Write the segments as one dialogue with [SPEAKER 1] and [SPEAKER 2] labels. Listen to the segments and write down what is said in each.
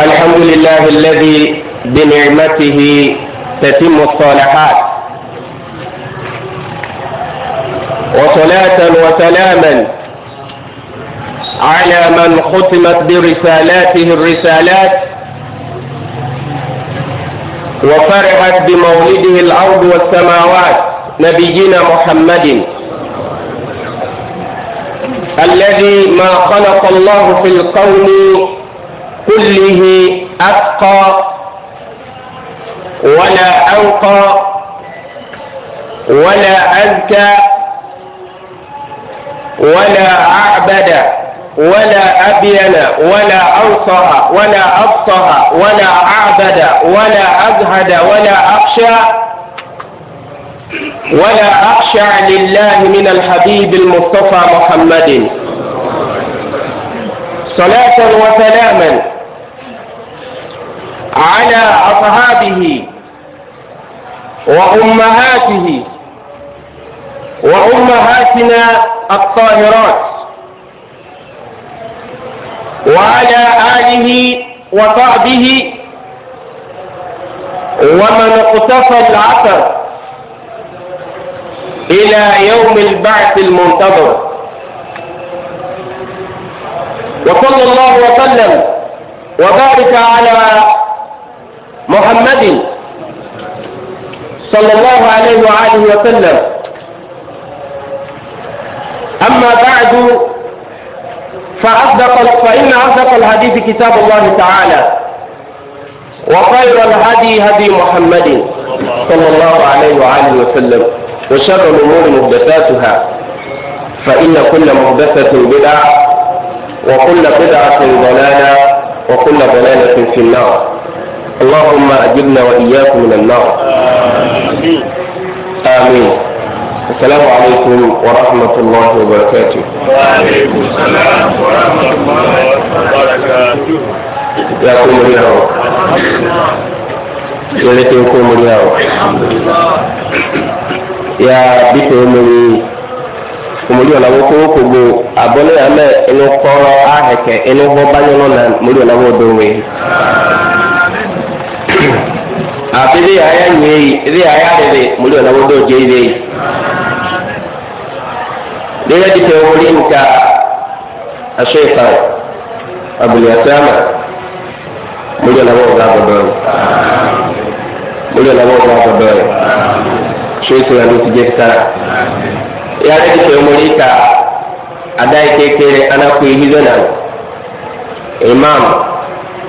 [SPEAKER 1] الحمد لله الذي بنعمته تتم الصالحات وصلاة وسلاما على من ختمت برسالاته الرسالات وفرحت بمولده الأرض والسماوات نبينا محمد الذي ما خلق الله في القوم كله أتقى ولا أوقى ولا أزكى ولا أعبد ولا أبين ولا أوصى ولا أبصر ولا أعبد ولا أزهد ولا أخشى ولا أخشى لله من الحبيب المصطفى محمد صلاة وسلاما على أصحابه وأمهاته وأمهاتنا الطاهرات وعلى آله وصحبه ومن اقتصى العثر إلى يوم البعث المنتظر وصلى الله وسلم وبارك على محمد صلى الله عليه وآله وسلم أما بعد فأصدق فإن أصدق الحديث كتاب الله تعالى وخير الهدي هدي محمد صلى الله عليه وآله وسلم وشر الأمور محدثاتها فإن كل محدثة بدعة وكل بدعة ضلالة وكل ضلالة في النار اللهم أجبنا وإياكم من النار آمين السلام عليكم ورحمة الله وبركاته
[SPEAKER 2] وعليكم السلام ورحمة الله وبركاته يا قوم اليوم
[SPEAKER 1] يلتي قوم اليوم يا بيت أمي omoli ọ̀nà wo kó kogbo abọ́lé yàrá mẹ́ inú kọ́rọ́ ahẹ̀kẹ́ inú bọ́ bá nyọ́nà mọ́lẹ́ ọ̀nà wo dòwe afi de aya nyei de aya dede muli ona wodo jeire lera dite woli nka ashefa abul yasama muli ona wodo ga bodo muli ona wodo ga bodo shefa ya lutu jesta ya de dite woli ka adai kekere ana ku hizona imam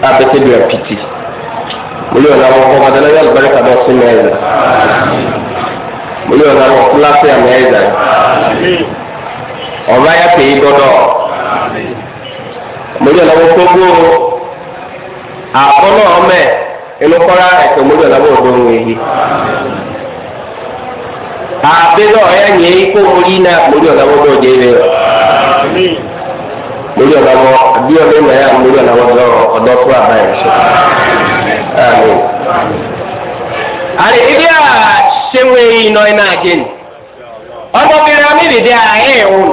[SPEAKER 1] abete bi apiti mulu yɛn n'awo kɔma dɛ n'ayɔ alibarika dɔ si mɛ ɛzɛ mulu yɛn n'awo kulasi amɛ ɛzɛ ɔba ya pe dɔdɔ mulu yɛn n'awo kogo akɔnɔ ɔmɛ enukɔla ɛtɛ mulu yɛn n'awo do ŋu yi abe dɔ ya nye ko muli na mulu yɛn n'awo do dze yi mulu yɛn n'awo abiɔ ya mulu yɛn n'awo dɔ ɔdɔ to aba yɛ Amin. ibi a ṣéwé iná iná àjẹ ni. Ọmọbìnrin àmì ìdè ààyè ìwọ̀n.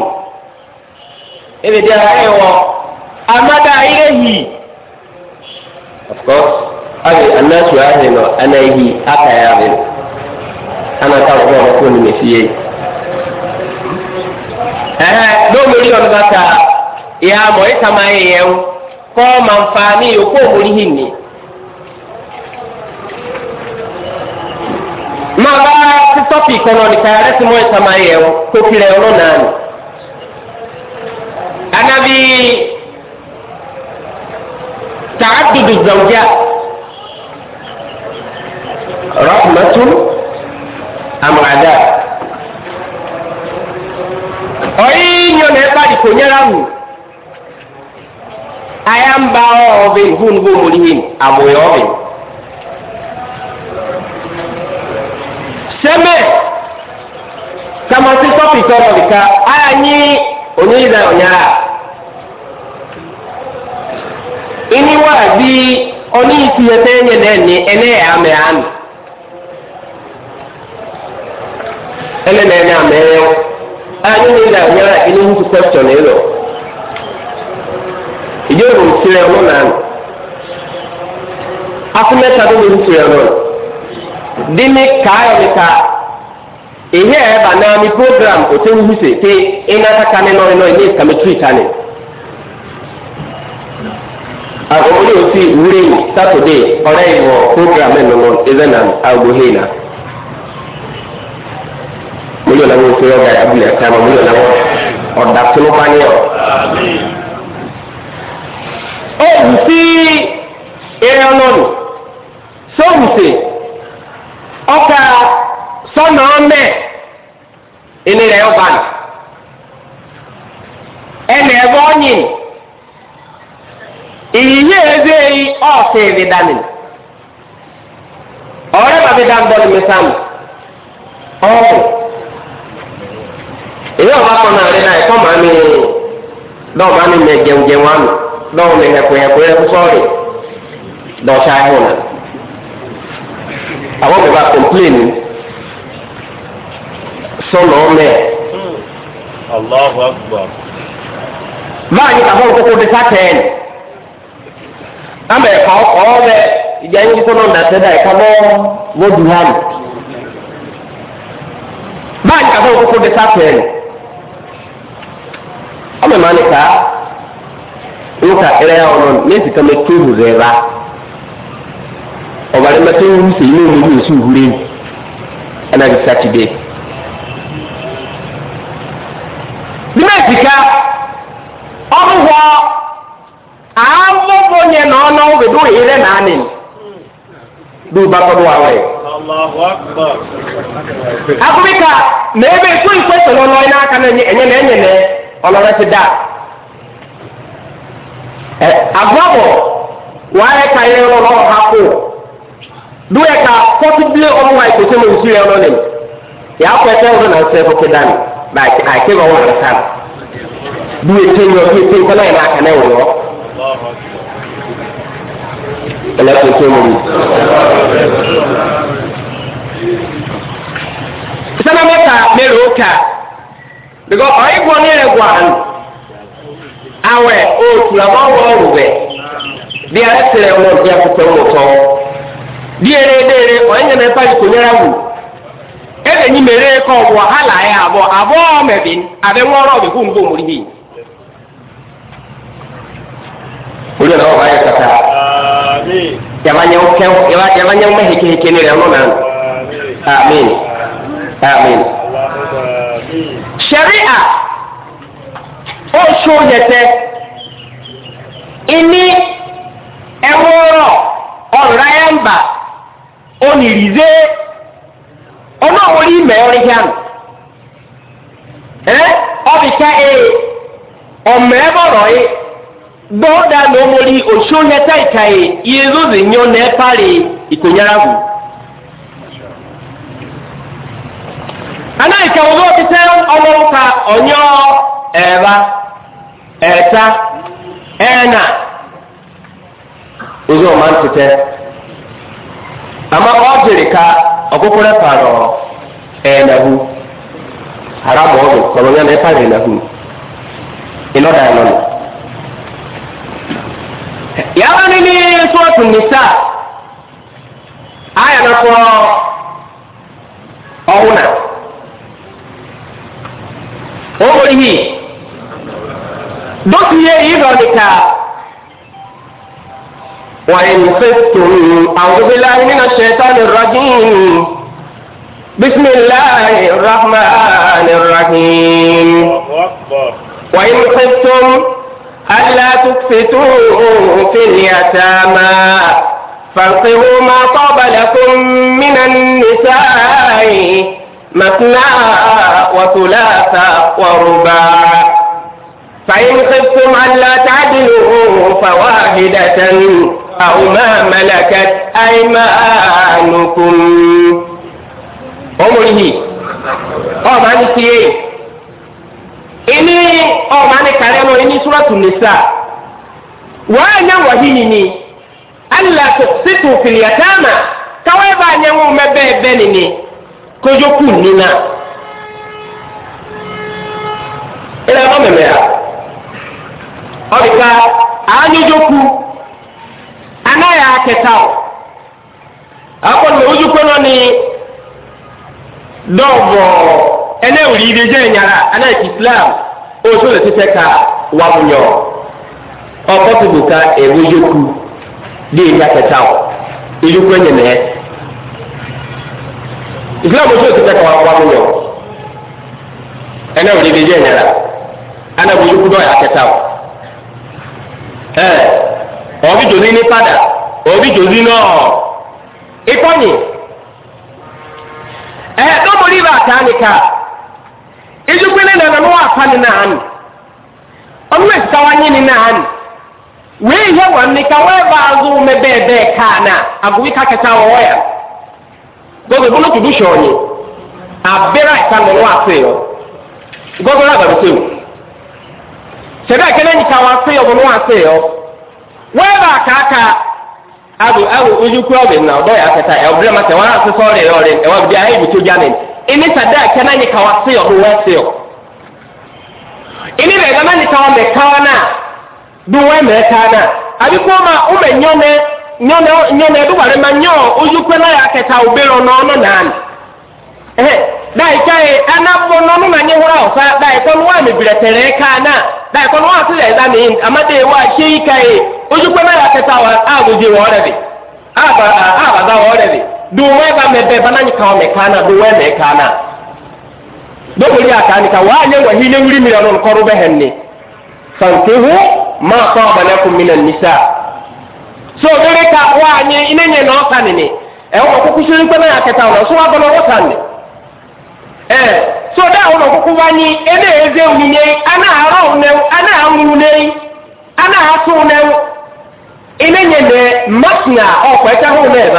[SPEAKER 1] Ìdè ààyè ìwọ̀n. Amada ilé yìí. Of course, àbí anáṣu ààyè nọ ẹnà yìí àkàyà àbí. Anáta ọ̀gbọ́n ọ̀rọ̀ fún mi sí yé. Ẹ̀hẹ́ lómi orí ọ̀nà bàtà ìyá àmọ̀ ìtàmáyé yẹn kọ́ màǹfààní yòókù òmùrí hìn ni. máa bá títọ́pì kan lọ nìkan ẹ̀rẹ́ tí mo ń sàmà yẹ̀ ọ́ tó kiri ẹ̀ ọlọ́nà ni. anabi tààdùdù zàwùjá rahmatun amurada ọ̀yí yan ẹ̀ bá dìkò nyẹ́ra wù ayamba ọ̀bẹ̀ gbóngbó mọ̀lìyìn àmọ̀yọ̀ ọ̀bẹ̀. sẹ́mẹ̀ samasi sọ́ọ̀tì sọ̀rọ̀ nìka ayé anyi oníyìnbá ọ̀nyára ìní wà bí oníyìntì yẹn sẹ́yìn yẹn náà ní ẹnẹ́ yà á mẹ́ àmì ẹnẹ́ náà ní àmì ẹ̀yọ́ ayé oníyìnbá ọ̀nyára ìní wùtú kwẹ́sítọ̀n ẹ̀ lọ ìdí òrùn tirẹ̀ ọ̀nà nà áfúnmẹ́ta ló ló ń tirẹ̀ ọ̀nà dimi kaayɔ mi ka ihe yɛ ba naami program o te wuhu se te ina ka ka ne nɔri nɔri ne kame tiri ta ne agogo ne o si wuri saturday ɔrɛ yi wɔ program ɛnu wɔn ɛzɛ na agogo hei na mo yɔ na wo fɛ ɔga ya bulɛ kama mo yɔ na wo ɔda tunu pani yɔ o wusi ɛyɛ nɔri so wusi ọkà sọ́nà ọ̀mẹ́ ẹni rẹ̀ ọba nù ẹnì ẹ̀bọ ọ̀nyìn ìyíyé ebe yìí ọ̀sẹ̀ ẹ̀bí dání ọ̀rẹ́ bàbí dáńdọ́lù mi sáà mi ọ̀hún èyí ọba kan náà rí náà ẹ̀kọ́ màá mi lọ́ọ̀ màá mi mẹ jẹun jẹun àmì lọ́ọ̀ mi hẹ̀kọ̀ hẹ̀kọ̀ ẹ̀kú sọ́ọ̀rì lọ́ọ̀ ṣáà ẹ̀hún náà. àwọn bàbá kọ̀mpléènì sọ̀nà ọ̀mẹ́.
[SPEAKER 2] Allahu akbar.
[SPEAKER 1] máa yí kàfọ́ kókó bí sátẹ̀ẹ̀n ama ẹ̀ka ọkọ̀ ọ̀bẹ ìdí ayé kíkọ́ náà nàṣẹ́ dá ẹ̀ka bọ́ wọ́dù hàn. máa yí kàfọ́ kókó bí sátẹ̀ẹ̀n ọmọ ìmọ̀ nìka nǹka ẹ̀rẹ́ ọ̀nà ní èsì mẹ́tò ìhùrẹ́ rà. ɔbare mɛtɛ wɔn sɛ yi wɔn mu nsu wure mu ɛna de satide bímẹ sika ɔmo hɔ amobo nyɛ na ɔno wo bedo yɛrɛ na anim do ba kɔdo awɛ akubika na ebe esu nkwesɛ n'ɔnɔ yi n'aka na enye na enye na ɔlɔrɔ ti da ɛ agbɔbɔ wɔayɛ ka yɛ ɔlɔrɔ ha koo do yɛ ka kɔtu bie ɔmo wa ekeke mo nsu yɛ ɔno ne mu yɛ akɔ ɛsɛ ɔno na nsɛ ɛfɔke da ne ba ake ake ba ɔmo asa no do yɛ te nyɔ do yɛ te nkɔ na yɛ na aka na ɛwɔ yɔ ɛlɛ ko te mo mu sɛnɛ mo ka mɛri o ka because ɔyɛ gbɔ ne yɛ gbɔ ano awɛ o tura bɔ ɔwɔ ɔwɔ bɛ bi a ɛsɛ ɛwɔ bi a kutɛ ɔwɔ tɔ diere dere onye na-epa ikonyere wu ebe nyi mere ka ọ bụ hala ya abụọ abụọ mebin abị nwa ọrụ ọbịkwu mgbe omori hi onye na ọba ya kata yabanye oke yabanye nwa heke heke nere ọnụ na amin amin sharia oṣù yẹtẹ ìní ẹwọ́rọ̀ ọ̀rọ̀ ayé ń bà onirize ọmọ àwọn orí ìmẹ̀ ọrí hàn ẹ ọbìkà ẹ ọmọ ẹ bọ̀rọ̀ ẹ gbọ́dà ní ọmọ orí oṣù nẹta ìka ẹ iye lóde ní ọ̀nà ẹ parí ìkònyára gùn. anáyìíká wọn bá ti tẹ ọlọ́wọ́ta ọ̀nyọ́ ẹ̀ra ẹ̀ta ẹ̀nà ojú ọ̀ma ń ti tẹ ama ɔbiri ka ɔkukura paano ɛnahu haramu ɔdo kɔlɔnya na ɛpaano ɛnahu inɔda ɛnɔ no yàrá ni ní sọ́ọ̀tù nìsa ayọ̀ nà kọ́ ọ̀húnà ó wọlé yìí dókítà yìí dọ̀ nìka. وإن خفتم أعوذ بالله من الشيطان الرجيم بسم الله الرحمن الرحيم وإن خفتم ألا تكفتوا في اليتامى فانقروا ما طاب لكم من النساء مثنى وثلاث ورباع فإن خفتم ألا تعدلوا فواحدة أو ما ملكت أيمانكم أمره ọmọ ní tiẹ̀ ìní ọmọ ní kàrẹ́ mọ́ ìní sùrọ̀tù nìsa wọ́n á nyẹ́ wọ̀hí yìí ni alẹ́ kò sítò fìlìyà táàmà káwé bá a nyẹ́ wọn mẹ́bẹ́ẹ́ bẹ́ẹ̀ nìní kójókù nínà. ìlànà mẹ́mẹ́ yà ọdịka anyụjokwu anaghị akịta akọ na ojukwu nọ ni dọbọ enewuri ire je nyara anaghị islam otu ụlọ tete ka wabụnyọ ọkọtụbụ ka ewejokwu dị ịga akịta ojukwu enye na ya islam otu ụlọ tete ka wabụnyọ enewuri ire je nyara anaghị ojukwu dọọ ya akịta ẹ ọbí jòzí ní padà ọbí jòzí náà ìkọnyì ẹ lọmọdé bá ta nìka ìdúgbìnrin nana ní ni náà nì ọmọ ni náà nì wéé yẹ wọn nìka wọn bá a mẹ bẹẹ bẹẹ káà náà àgùwí yà gbogbo abẹ́rẹ́ àìsàn yọ gbogbo bàbá sɛbɛ kɛlɛ nika wa se yɔ wɔn wa se yɔ wɔn ba kaka abu abu ojukwu ɔbɛ na ɔdɔ yɛ akɛta yɛ ɔbɛrɛ ma sɛ wɔn ase sɔɔri yɛ ɔrɛ ɛwɔ bi ayé ibi tó dza nɛ ɛni sɛdɛ kɛlɛ nika wa se yɔ wɔn ɛni bɛ gama na wɔn kawa na abi ma nyɔnɛ nyɔnɛ nyɔnɛ dai kai ana bono no nanye hura dai tere kana dai wa kai ko na rakata wa agu ji wa rabi aba aba da wa du wa ba me ka me kana du wa me kana do ko ya kana ka wa ne wa hile wuri mi ron ko ru be henne fantihu ma saba lakum minan nisa so dere ka wa ne ine ne no e ko wa so wa ba no ee eh, soda ụlọ ọkwụkwọ anyị ena-eze onyinye ana-ara unewu ana-arụ unewu ana-asụ unewu imenye na masina ọkweta hụ n'ebe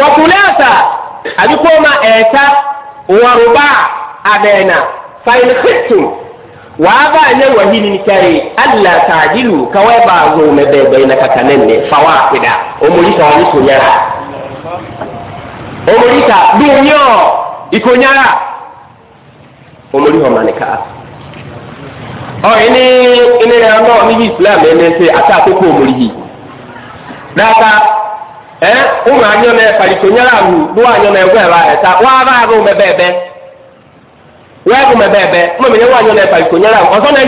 [SPEAKER 1] wakulata abikwoma eta waruba adena fain khiftum wa aba ne wahini ni kare allah ta'dilu kawai ba zo na bebe na kakanen ne fawaqida umuri tawani sunyara omorita dunyo ikonyara omori a mani kaa ɔ ini ini rɛ omihi islam ɛnɛ ata akoko omori n'aka ɛ umu anyɔ nɛ palito nyara bụ do anyɔ nɛ wɛ ba ɛta w'aba abu mɛ bɛɛbɛ w'abu mɛ bɛɛbɛ umu mi nyɛ w'anyɔ nɛ palito nyara awu ɔsɔ haba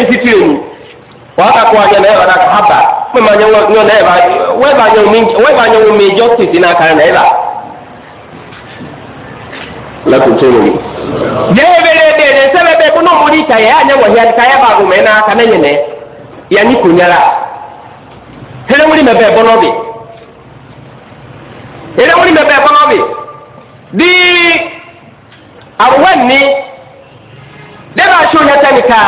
[SPEAKER 1] mi mi na ka
[SPEAKER 2] lakuntolomi
[SPEAKER 1] deebelebele sɛbɛbɛ bino omuli kyaye anye wɔhyɛ kaye bagumɛna kana nyinɛ yani kunyala hele muli mɛbɛ bɔnɔ bi hele muli mɛbɛ bɔnɔ bi di awɔni dɛbɛ aso yɛtɛ ni ka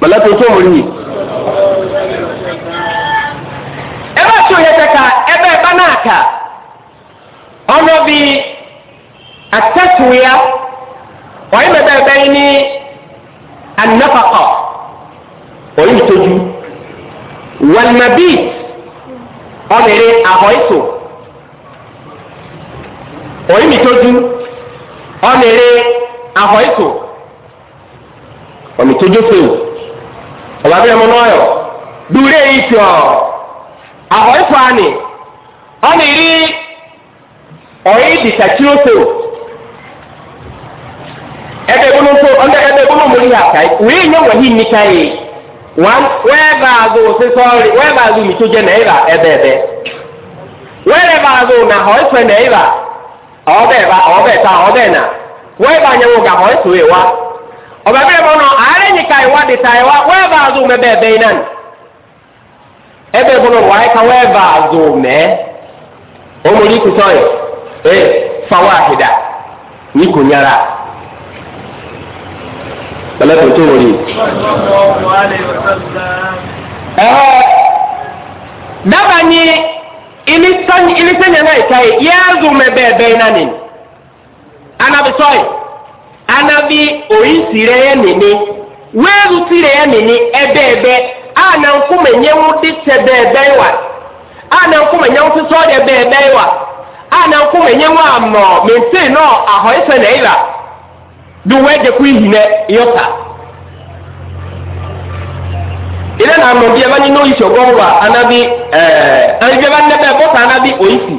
[SPEAKER 2] malakuntolomi
[SPEAKER 1] ɛbɛ aso yɛtɛ ka ɛbɛ bana ka ɔnɔ bi. التسوية وعما بين النفقة وينتج والمبيت أمري أغيثو وينتج أمري أغيثو وينتج فيه وبعدين من ويو دوري إيتيو أغيثو أني أمري أغيثو ɛdɛ bolo nso ɔndɛ ɛdɛ bolo mo yi aka yi wei nye wɔ hi nika yi wan wɛɛba azo si sɔɔri wɛɛba azo mi to gye na ɛba ɛbɛɛbɛ wɛɛba azo na hɔ efɛ na ɛba ɔbɛɛba ɔbɛɛta ɔbɛɛna wɛɛba nye wo ga hɔ esu ewa ɔbɛbɛrɛ bɔ no ayɛlɛ nika yi wa deta yi wa wɛɛba azo mɛ bɛɛbɛ yi nan ɛbɛ bolo wa yi ka wɛɛba azo mɛ omoli kusɔn yi ee fawa ahida ni konyara. pẹ̀lẹ́ tó tó wòlíì. dábàá ní ilé sẹ́yìn náà ìka yìí yẹ́rù mẹ́bẹ́ bẹ́ẹ̀ náà ni anabi sọ́yì anabi ya sire ebe ebe wẹ́ẹ̀rù ana nkume nyewu di tẹ bẹ́ẹ̀bẹ́ wa ana nkume nyewu ti sọ́ọ́ dẹ bẹ́ẹ̀bẹ́ wa ana nkume nyewu àmọ̀ náà àhọ́ ẹ̀sẹ̀ bi wɛgye ko ihina yɔta ilé na anọ bi ẹ bá ní ní oyisi ọgbọn wa anabi ẹ ẹ ẹbi ẹ bá ní ẹbẹ anabi oyisi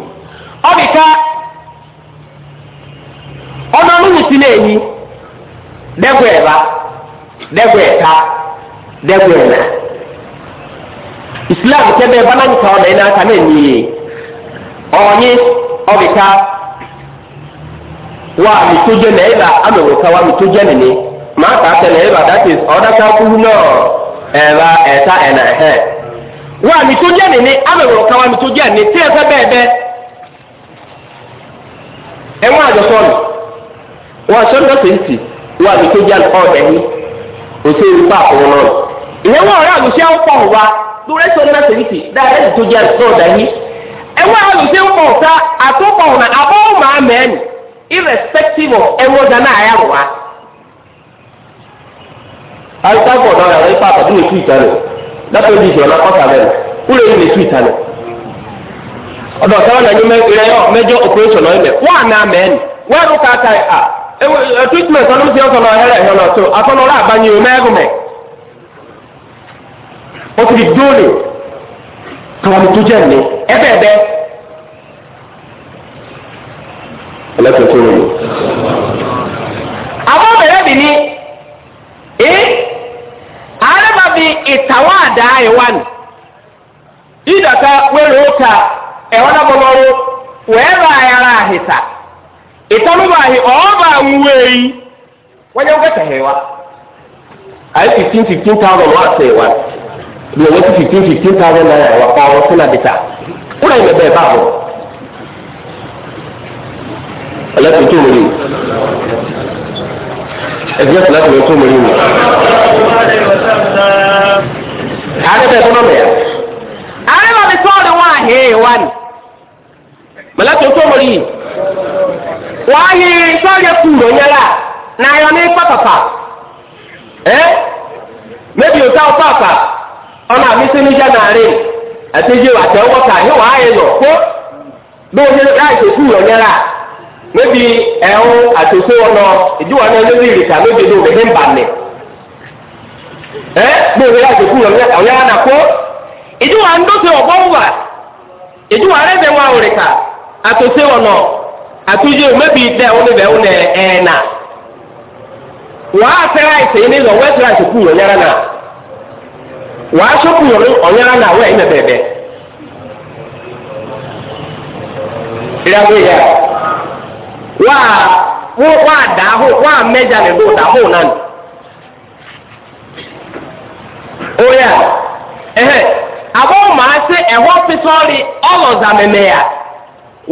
[SPEAKER 1] ọbìka ọmọ ọmọ mi ti náà yi dẹgbẹ ẹba dẹgbẹ ẹta dẹgbẹ ẹna islam kẹbẹ ẹ bá náà nípa ọdẹ náà kàmẹ nìyẹ ọnyi ọbìka. wa mitoje na ịba wa mitoje ma ta ate na ịba that is ọdaka kwuru nọ ẹba ẹta ẹna ẹhẹ wa mitoje nene ameweka wa mitoje nene tí ẹfẹ bẹẹ bẹ ẹwọn àjọsọ nù wa wa mitoje nù ọdẹ ní òsè ìrúbà àwọn náà ìyẹn wọn ọrẹ àgùsí àwọn pọ̀ lórí mitoje irrespective of ẹwọ́dà náà yà wá. alikagbọ̀n náà yàrá ipa àtàdé lè tú ìtàlẹ̀ látọ̀ di ìjọba kọ́ta bẹ́ẹ̀ kúlẹ̀ yìí lè tú ìtàlẹ̀. ọ̀dọ̀ sáwọn ẹni mẹjọ operation náà ẹ̀mẹ̀ wọ́n àná mẹ́ẹ̀ni wọ́n ẹ̀rú kàkà à treatment ọ̀nà ti ọ̀sán náà ẹ̀rẹ̀ ẹ̀hán náà tó àtọ́nọ́rọ́ àbáyé mẹ́ẹ̀gùnmẹ̀. ó ti di dóòlì kàwọn tó jẹ́ ẹ̀mí ẹ̀bẹ̀ẹ̀bẹ̀ ẹlẹ́kẹ̀ẹ́ tó rẹ̀ lọ. àwọn bẹ̀rẹ̀ bì ní ẹ́ àárẹ̀bà bí ìtàwọn àdá ẹ̀wà nì ìdàkà wẹ̀rẹ̀ ọ̀kà ẹ̀wọ́n náà bọ̀bọ̀rọ̀ wẹ́ẹ̀rọ ayára àhìtà ìtọ́nùbà àhì ọ̀ọ́bà nwúwe yìí wọ́n yẹ wọ́n kẹ̀kẹ́ wa ayé fifteen fifteen thousand wọ́n àti ẹ̀wà ni ọ̀wọ́ ti fifteen fifteen thousand naira wà pa ọ̀rọ̀ fúnà bìtà kúrò ìgbẹ́ bẹ́ẹ̀ bá bọ̀ ẹlẹ́sìn tó mọ̀lẹ́ ẹgbẹ́ ẹ̀sìn láti lọ tó mọ̀lẹ́ mi. ààrẹ bẹ́ẹ̀ tó náà mẹ́yà. ààrẹ bá mi sọ ọ́dọ̀ wọn àhẹ́ wa ni mọ̀lẹ́sìn tó mọ̀lẹ́ yìí wọ́n á yẹ sọ́ọ̀yẹ kúrò nyẹ́lá náà yọ ní pápápá ẹ́ mẹ́bi òtá ọ̀pá àpá ọ̀nà àmì sínú jẹ́ nàárẹ̀ àtẹ́jẹ́ àtẹ́wọ́ta yẹ wọ́n á yẹ lọ kó bí wọ́n yẹ láì ṣe kúrò nyẹ́lá níbi ẹ̀hún àtòkò ọ̀nà ìdíwọ̀n náà lórí ìrìkà lóde ló rẹ̀ ń bà mí. ẹ bí òwe àtòkò ọ̀yá àná kó ìdíwọ̀n àndóso ọ̀gbọ́n wà ìdíwọ̀n arẹ́bẹ̀ wà òrìkà àtòkò ọ̀nà àtúnjẹ òmẹ́bí dẹ́ ọ̀nẹ́bẹ̀ ọ̀nẹ́ ẹ̀ẹ́nà. wàá fẹ́ra ìsèyí ní lọ wẹ́ẹ́ fẹ́ra àtòkò ọ̀nyára náà wàá sọ́kù ọ̀nyára náà wẹ́ẹ̀ ìnà bẹ̀ẹ̀bẹ̀. ìyá waa wo waa daa ho waa mɛgya ne do da ho oya ɛhɛ abɔ maa se ɛhɔ pitɔri ɔlɔza mɛmɛya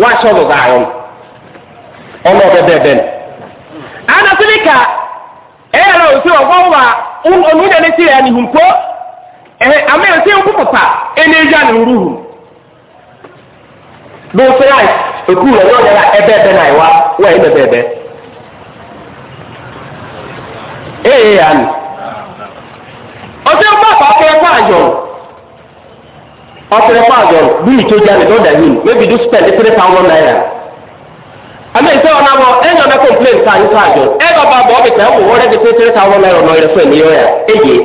[SPEAKER 1] waa hyɛ ɔlɔza ayɔm ɔlɔ bɛbɛ ana silika ka e ɛyɛ lɛ osi ɔgbɔ wa onu yɛ ne ti yɛ ne hunko ɛhɛ ama yɛ se nkuku pa ɛna egya ne nuru do na iwa. E waye da bebe ee yani ọtí ọba àpapọ̀ pààjọ ọtí pààjọ bíi tó jáde lọ́dà yìí maybe do spend three thousand naira àmì ìfẹ́ ọ̀nà bọ̀ ẹ̀ yàn mẹ́ complain ká ní pààjọ ẹ̀ bá bá bọ̀ ọ́ bìtẹ̀ ẹ̀ wò wọ́n rẹ̀ di pé three thousand naira ọ̀nà ìrẹsọ̀ èmi yọ̀ yà èyí.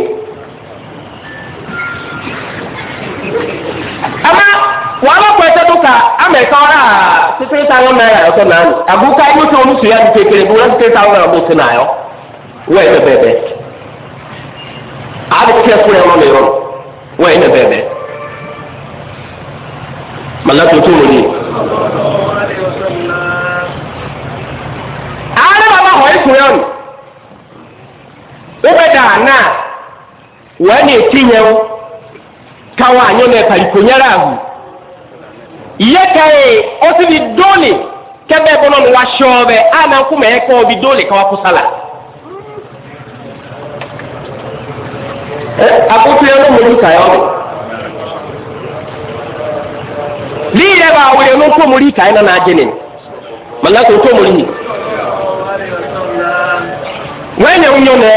[SPEAKER 1] àmọ́ wọn bá pẹ sẹtù ká amẹka ọrẹ a títí táwọn náírà yọ tó nàánú àbúkà yóò tó oníṣòwò yá ti kékeré bí wọn títí táwọn náírà bó ti nà yọ wọn yẹ bẹbẹ àbí kíkẹ fún ẹwọn mi rọrùn wọn yẹ bẹbẹ màlá tó tó wọn ni. ààrẹ bàbá ọ̀ ẹ̀ fún yọ̀nù wọ́n bẹ dà náà wọ́n ní ètí yẹn káwọn àyẹ̀lẹ̀ kàlíkò yẹn rà yɛkae ɔsi bi dole kɛbɛ bɔnɔ no wahyɛɔbɛ a nanko ma yɛka ɔbi dole ka wako sala eh, akoto yɛ no mo duka yɛ ɔbɛ liiyɛ ba awɔyɛ no nko mo ri kae na n'agye ne malaka nko mo ri yi wọ́n yẹ wúnyọ́ nẹ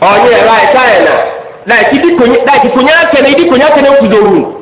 [SPEAKER 1] ọ̀nyẹ́ ẹ̀ báyìí sáyẹ̀ nà láì ti kò nyá kẹ́nẹ́ ìdí kò nyá kẹ́nẹ́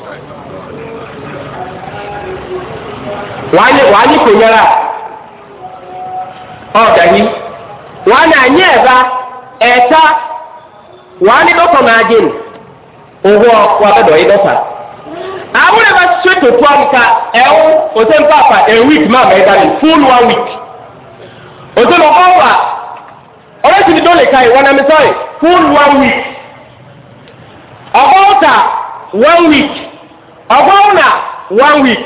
[SPEAKER 1] wàá ní kò yẹra ọ̀gá yìí wàá ní ànyẹ́ ẹ̀bá ẹ̀ta wàá ní dọ́kọ̀ náà jẹ́ nù òhun ọ̀kọ́ abẹ́dọ̀ yìí dọ́kà. àwọn ẹ̀bá ṣe tó tó àbíkà ẹ̀hún òtẹ́ ń pàpà ẹ̀ wíìkì máa mẹ́ dání fúlù one wíìkì. òtẹ́ lọ ọ̀fà ọlọ́sìn ní dọ́lẹ̀ káyì wọn ẹ̀mí sọ́ọ̀rì fúlù one wíìkì. ọgọ́ta one week ọgọ́rùnà one week.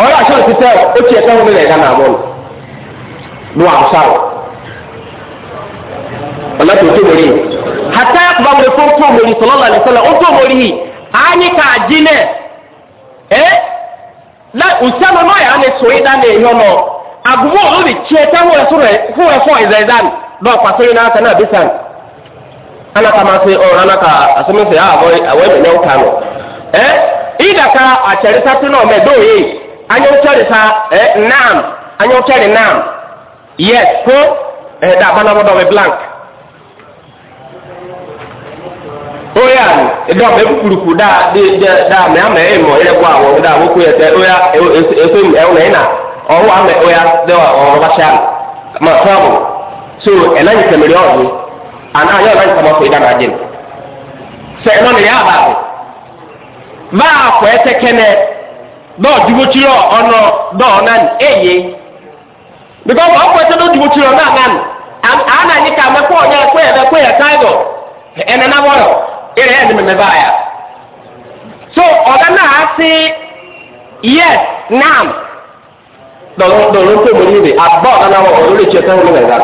[SPEAKER 1] ọ̀rọ̀ àṣọ ìtítẹ́ o ọlọ́tò tó wọlé yìí hàtà báwo fún tó wọlé sọlọ́lá ní sọlá ó tó wọlé yìí àányí ká jí nẹ ẹ la náà yà á lè sọ yìí dáná èèyàn náà àgùnbó ọ̀rọ̀ lè tiẹ̀ sẹ́wọ́n fún rẹ̀ fún ẹ̀zẹ̀ dáná lọ́ọ̀ pàṣẹ yìí náà sẹ́nà àbí sàn ana kama ọ̀rọ̀ ka asọ́mẹ́sẹ̀ àwọn ẹ̀mẹ̀yẹ́ ń idaka akyɛresa to na ɔmɛ do ye anyɛ kyɛresa ɛ eh, nam anyɛ kyɛre nam yes ko ɛ eh, da abanabɔ dɔ bɛ blank oya ɛdɔ bɛ kuruku da de de da mɛ amɛ yɛ mɔ yɛrɛ bɔ awɔ da awɔ ko yɛ sɛ o efe mu ɛwɔ nɛyina ɔwɔ o oya de wa ɔwɔ ba sa ma fɛn mu so ɛnanyi e tɛmɛ de ɔwɔ ana yɛ ɔnanyi tɛmɛ ɔfɛ yi da na adi sɛ ɛnɔ ni yɛ aba do máa kọ ẹsẹ kẹnẹ dọọ dìbòtìrọ ọnà dọọ nani èyí because ọkọ ẹsẹ dọọ dìbòtìrọ náà nani àná yìí ká mẹkọ ọyẹ ẹkọ yẹ ẹkọ yẹ táìdọ ẹnẹ náà wọlọ ẹrẹ ẹni mẹmẹ báyà so ọ̀gá náà á sí yes nam dọ̀rọ̀ tó mọ̀ níbi àbọ̀ ọ̀gá náà wọ̀ lórí ìṣẹ́ sẹ́wọ́n nígbà ìgbà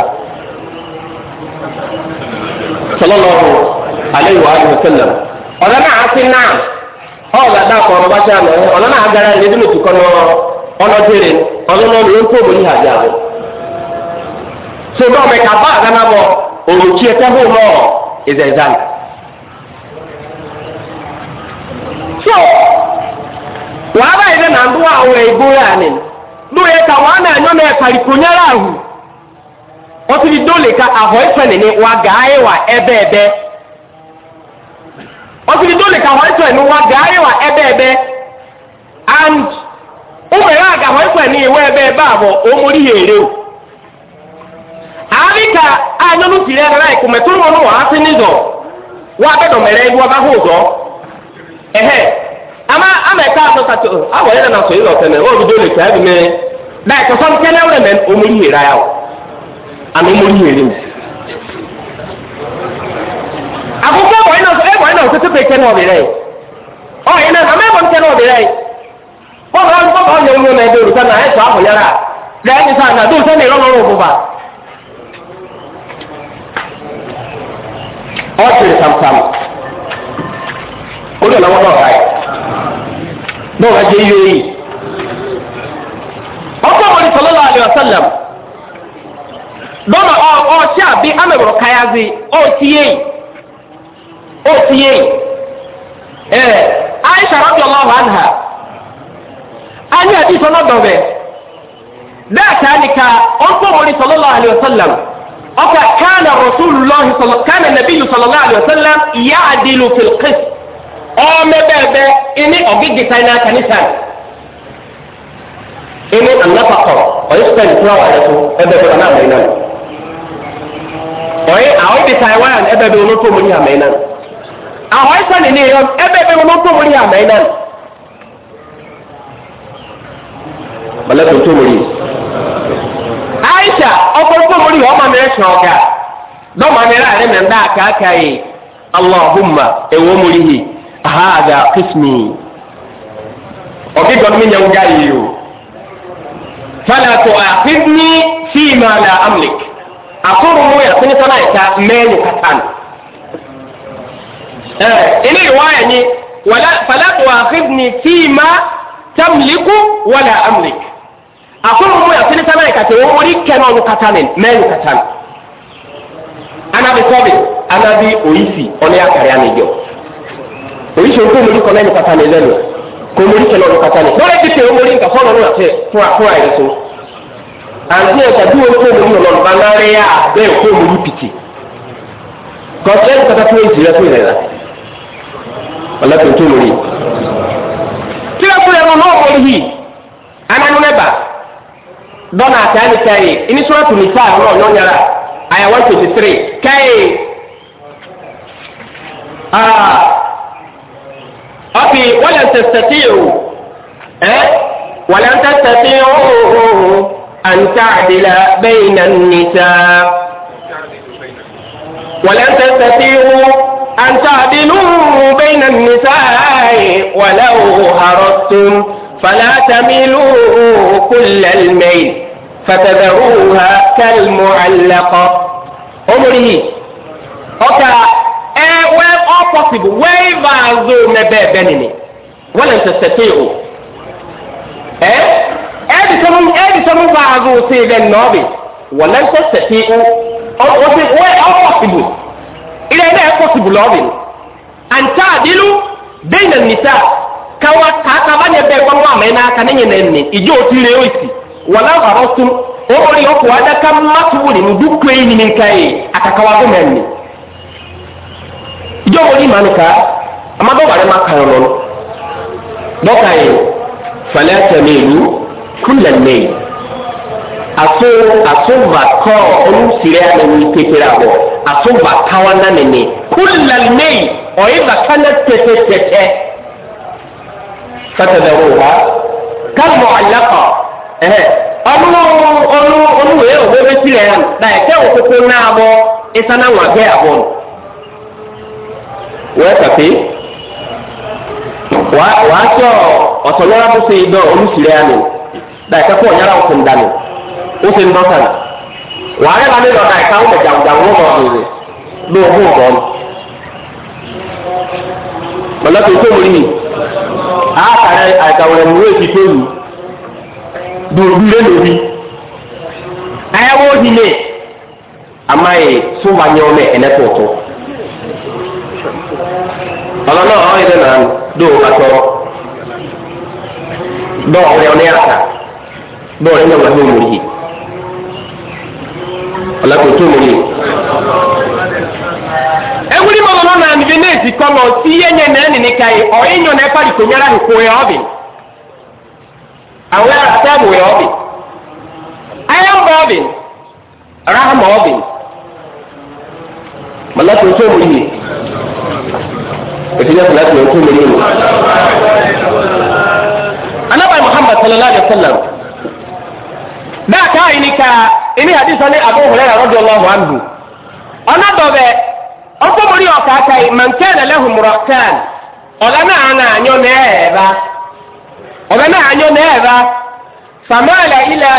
[SPEAKER 1] sọlọ́lọ́rù alẹ́ ìwà àdìmọ̀sẹ́lẹ̀ ọ̀gá náà á sí nam. Ọ ga ọ̀rọ̀ bá sàmì ọ̀nà náà agara ẹ̀ lẹ́dínlẹ̀ tó kọ́nà ọlọ́dẹ̀rẹ̀ ọlọ́nà ló ń kó bá òun ẹ so wàá báyìí náà ń bọ́ àwọn ìgbó yà ni lóye ká wàá náà nyọ́ náà kàlíkò nyára àhù wọ́n ti di ká àhọ́ ìfẹ́ nìyẹn wàá gàá yẹ ọsiri tó lè ka hɔ ɛsɛ nu wa gaa yi wa ɛbɛ ɛbɛ and ume yɛ aga hɔ ɛsɛ ni iwe ɛbɛ ɛbɛ abɔ omori yɛ ere o ari ka anyɔnu tiri ɛna yi kòmɛtò wọn wɔ ase ni zɔ wa bɛ dɔmɛrɛ yi wa ba hó zɔ ɛhɛ ama ama ɛka ano kato awɔ yɛ nana so yi lɔtɛ mɛ ɔbi do le ka ɛbi mɛ na ɛkɔsɔn kɛnɛ wɛrɛ mɛ omori akoko ɛbɔ yi na ɛbɔ yi na ototo pe kɛnɛ ɔbi rɛ ɔ yi na ama ɛbɔ nkɛnɛ ɔbi rɛ bɔbɔ awo bɔbɔ awo nyɔnu na ɛdi olusa na ɛtɔ afɔ yara lɛ ɛdi sa na do sɛ ne yɔrɔ lɔrɔ buba ɔtiri samsam o de la wɔn n'ɔka yi n'o ka jɛ iye yi ɔkɔ wɔli sɔlɔlɔ ali wa sallam dɔnna ɔ ɔ si abi amebɔrɔ kayazi ɔ si ye yi ó ti yé ẹ aisha rabi allahu anha a ní àti ìsọ̀nà dọ̀bẹ̀ bẹ́ẹ̀ ká ní ká ọ̀pọ̀ wọn ni sọlọ́lá àlẹ́ ọ̀sálàm ọkà kánà rọ̀túlùlọ́hì sọlọ́ kánà nàbíyù sọlọ́lá àlẹ́ ọ̀sálàm ìyá àdìlù fìlkìs ọmọ bẹ́ẹ̀ bẹ́ẹ̀ ẹni ọ̀gígì sáyẹn náà kàníṣà ilé alápapọ̀ ọ̀yẹ́ spẹ́ǹ tí wọ́n wà lẹ́kọ́ ẹbẹ̀ bẹ̀rẹ̀ náà mẹ́rin náà ọ̀yẹ́ àwọn ibi taiwan ẹbẹ̀ bẹ̀rẹ̀ olóko mo ní àmẹ́rin náà àwọn ẹ̀sán nìyí yọ ẹbẹ̀ bẹ́ẹ̀ wọn tó wọlé àmọ́ iná. mọ̀lẹ́kùn tó wọlé. aisha ọkọ tó wọlé ọmọ mi rẹ̀ sàn ọ̀gá dọ́mọ mi rà rẹ̀ mẹ́ ndá àkàkà yìí allahumma ewo murihi ahada qismi ọ̀gí gbọ́dọ̀ mi nyẹ ọ̀gá yìí o. fala tó àkíní fíìmà là amlik àkóró mu yẹ fúnisọ́nà ìta mẹ́rin kàtàkì. Eh, ilé ìwáyà ni fàlàtò àfihàn tí ma tamliku wàlà amlik àfọwọ́n mu yàtọ̀ ní sábà ìkàtà wọn orí kẹ́nà ọ̀nù kàtàmì mẹ́rin kàtàmì anabi sọ́bì anabi oyisi ọ̀nà àkàrẹ́ àmìjọ oyisi òkú omi kọ́ mẹ́rin kàtàmì lẹ́nu kò omi kẹ́nà ọ̀nù kàtàmì lọ́rẹ́ tètè omi nǹkan fọ́ọ̀nù ọ̀nù àti fún àfún àìsó àti ẹ̀ka bí òkú omi ọ̀nà bàbá rẹ̀ yà bẹ́ẹ̀ ọlọ́pàá tó lórí. tíra fúnra ẹ̀rọ náà wọlé yìí ananu nẹ́bà dọ́là àti àníkàyè ìní sọ́ọ̀tù nìta àwọn ọ̀nà yàrá àyà one twenty three káyè ah. ọ̀fì wọ́n yẹn tẹ̀sẹ̀ tí yòó ẹ́ wọ́n yẹn tẹ̀sẹ̀ tí yòó an tàdílà bẹ́ẹ̀ nà nìta wọ́n yẹn tẹ̀sẹ̀ tí yòó. أن تعدلوا بين النساء ولو هرستم فلا تميلوا كل الميل فتذروها كالمعلقة أمره أوكا أه وين أو possible وين فازو نبي بنني ولن تستطيعوا أه أدي سمو أدي سمو فازو سيدنا نبي ولن تستطيعوا أو possible ilé ilé ẹ pọsibu lọọbì anta adilu bẹyìn na nisa kawa kaba nyɛ bɛɛ gbɔn wa mɛn n'aka ne nyɛ nɛni idze o ti re o si wala ɔrɔ sun o ɔri o ko adaka matu ni mu dukue yi ni ka ye a ka kawa do mɛni idze o ni ma ni ka a ma dɔ wɛrɛ ma kan lɔn dɔ ka ye falẹ tɛmɛ ilu kulẹ ne aso aso va kɔ olu siri a ni pepere a bɔ atoba kawa na nene kula mei oiba kana tete tete fatadaruha kama alaka ehe ọnu ọnu ọnu wee ọgbẹ bẹ ti rẹ ya na ẹkẹ òkòkò náà bọ ìsànà wà bẹ àbọ wẹ kàfé wà wà sọ ọtọ yàrá bó ṣe dọ olùsìlẹ ya nù na ẹkẹ kọ ọnyàrá òfin dànù òfin dọkànù wàhálà bá mi lọ́dà ìka wọn mẹjà ọ̀dà wọn mọ̀ lóore ló ń hùwà ọ̀nà. mọ̀lọ́tò tó wù ní àákàrẹ àìkàwọ̀rẹ̀ mú èsì tó wù dùrùbí lé lóbi. ayáwó di lè amáyé súnmọ́ anyẹ́ ọmọ ẹ̀nẹ́ tọ̀tọ̀.
[SPEAKER 2] ọ̀nà náà ọ̀hún ẹ̀dẹ̀ nàá dò àtọ̀ dọ̀ ọ̀rẹ́ ọ̀nẹ́ dọ̀ ọ̀rẹ́ ọ̀nà tó wù yìí ọ̀làkòtò lóye.
[SPEAKER 1] egwuri mọ nọ na mbe na-esi kọlọ si ihe nye na enyi ka yi ọ ịnyọ na ekpari kwenyere ahụ kwuo ya ọbị awụ ya ata bụ ya ọbị aya mba ọbị rahama ọbị ọlàkòtò lóye òtí yẹn fúlàtì ọ̀tún mi anábàá muhammad sallallahu alayhi wa sallam dáa káyìí ni ká ini hadith ni abu hurairah radiyallahu anhu ọ̀nà bọ̀bẹ̀ ọkùnrin ọ̀kà kai mankẹ́nà lẹ́hùn mùrọ̀kán ọ̀là náà nà ányọ́ nẹ́ẹ̀ẹ́bá ọ̀là náà ányọ́ nẹ́ẹ̀ẹ́bá famala ilà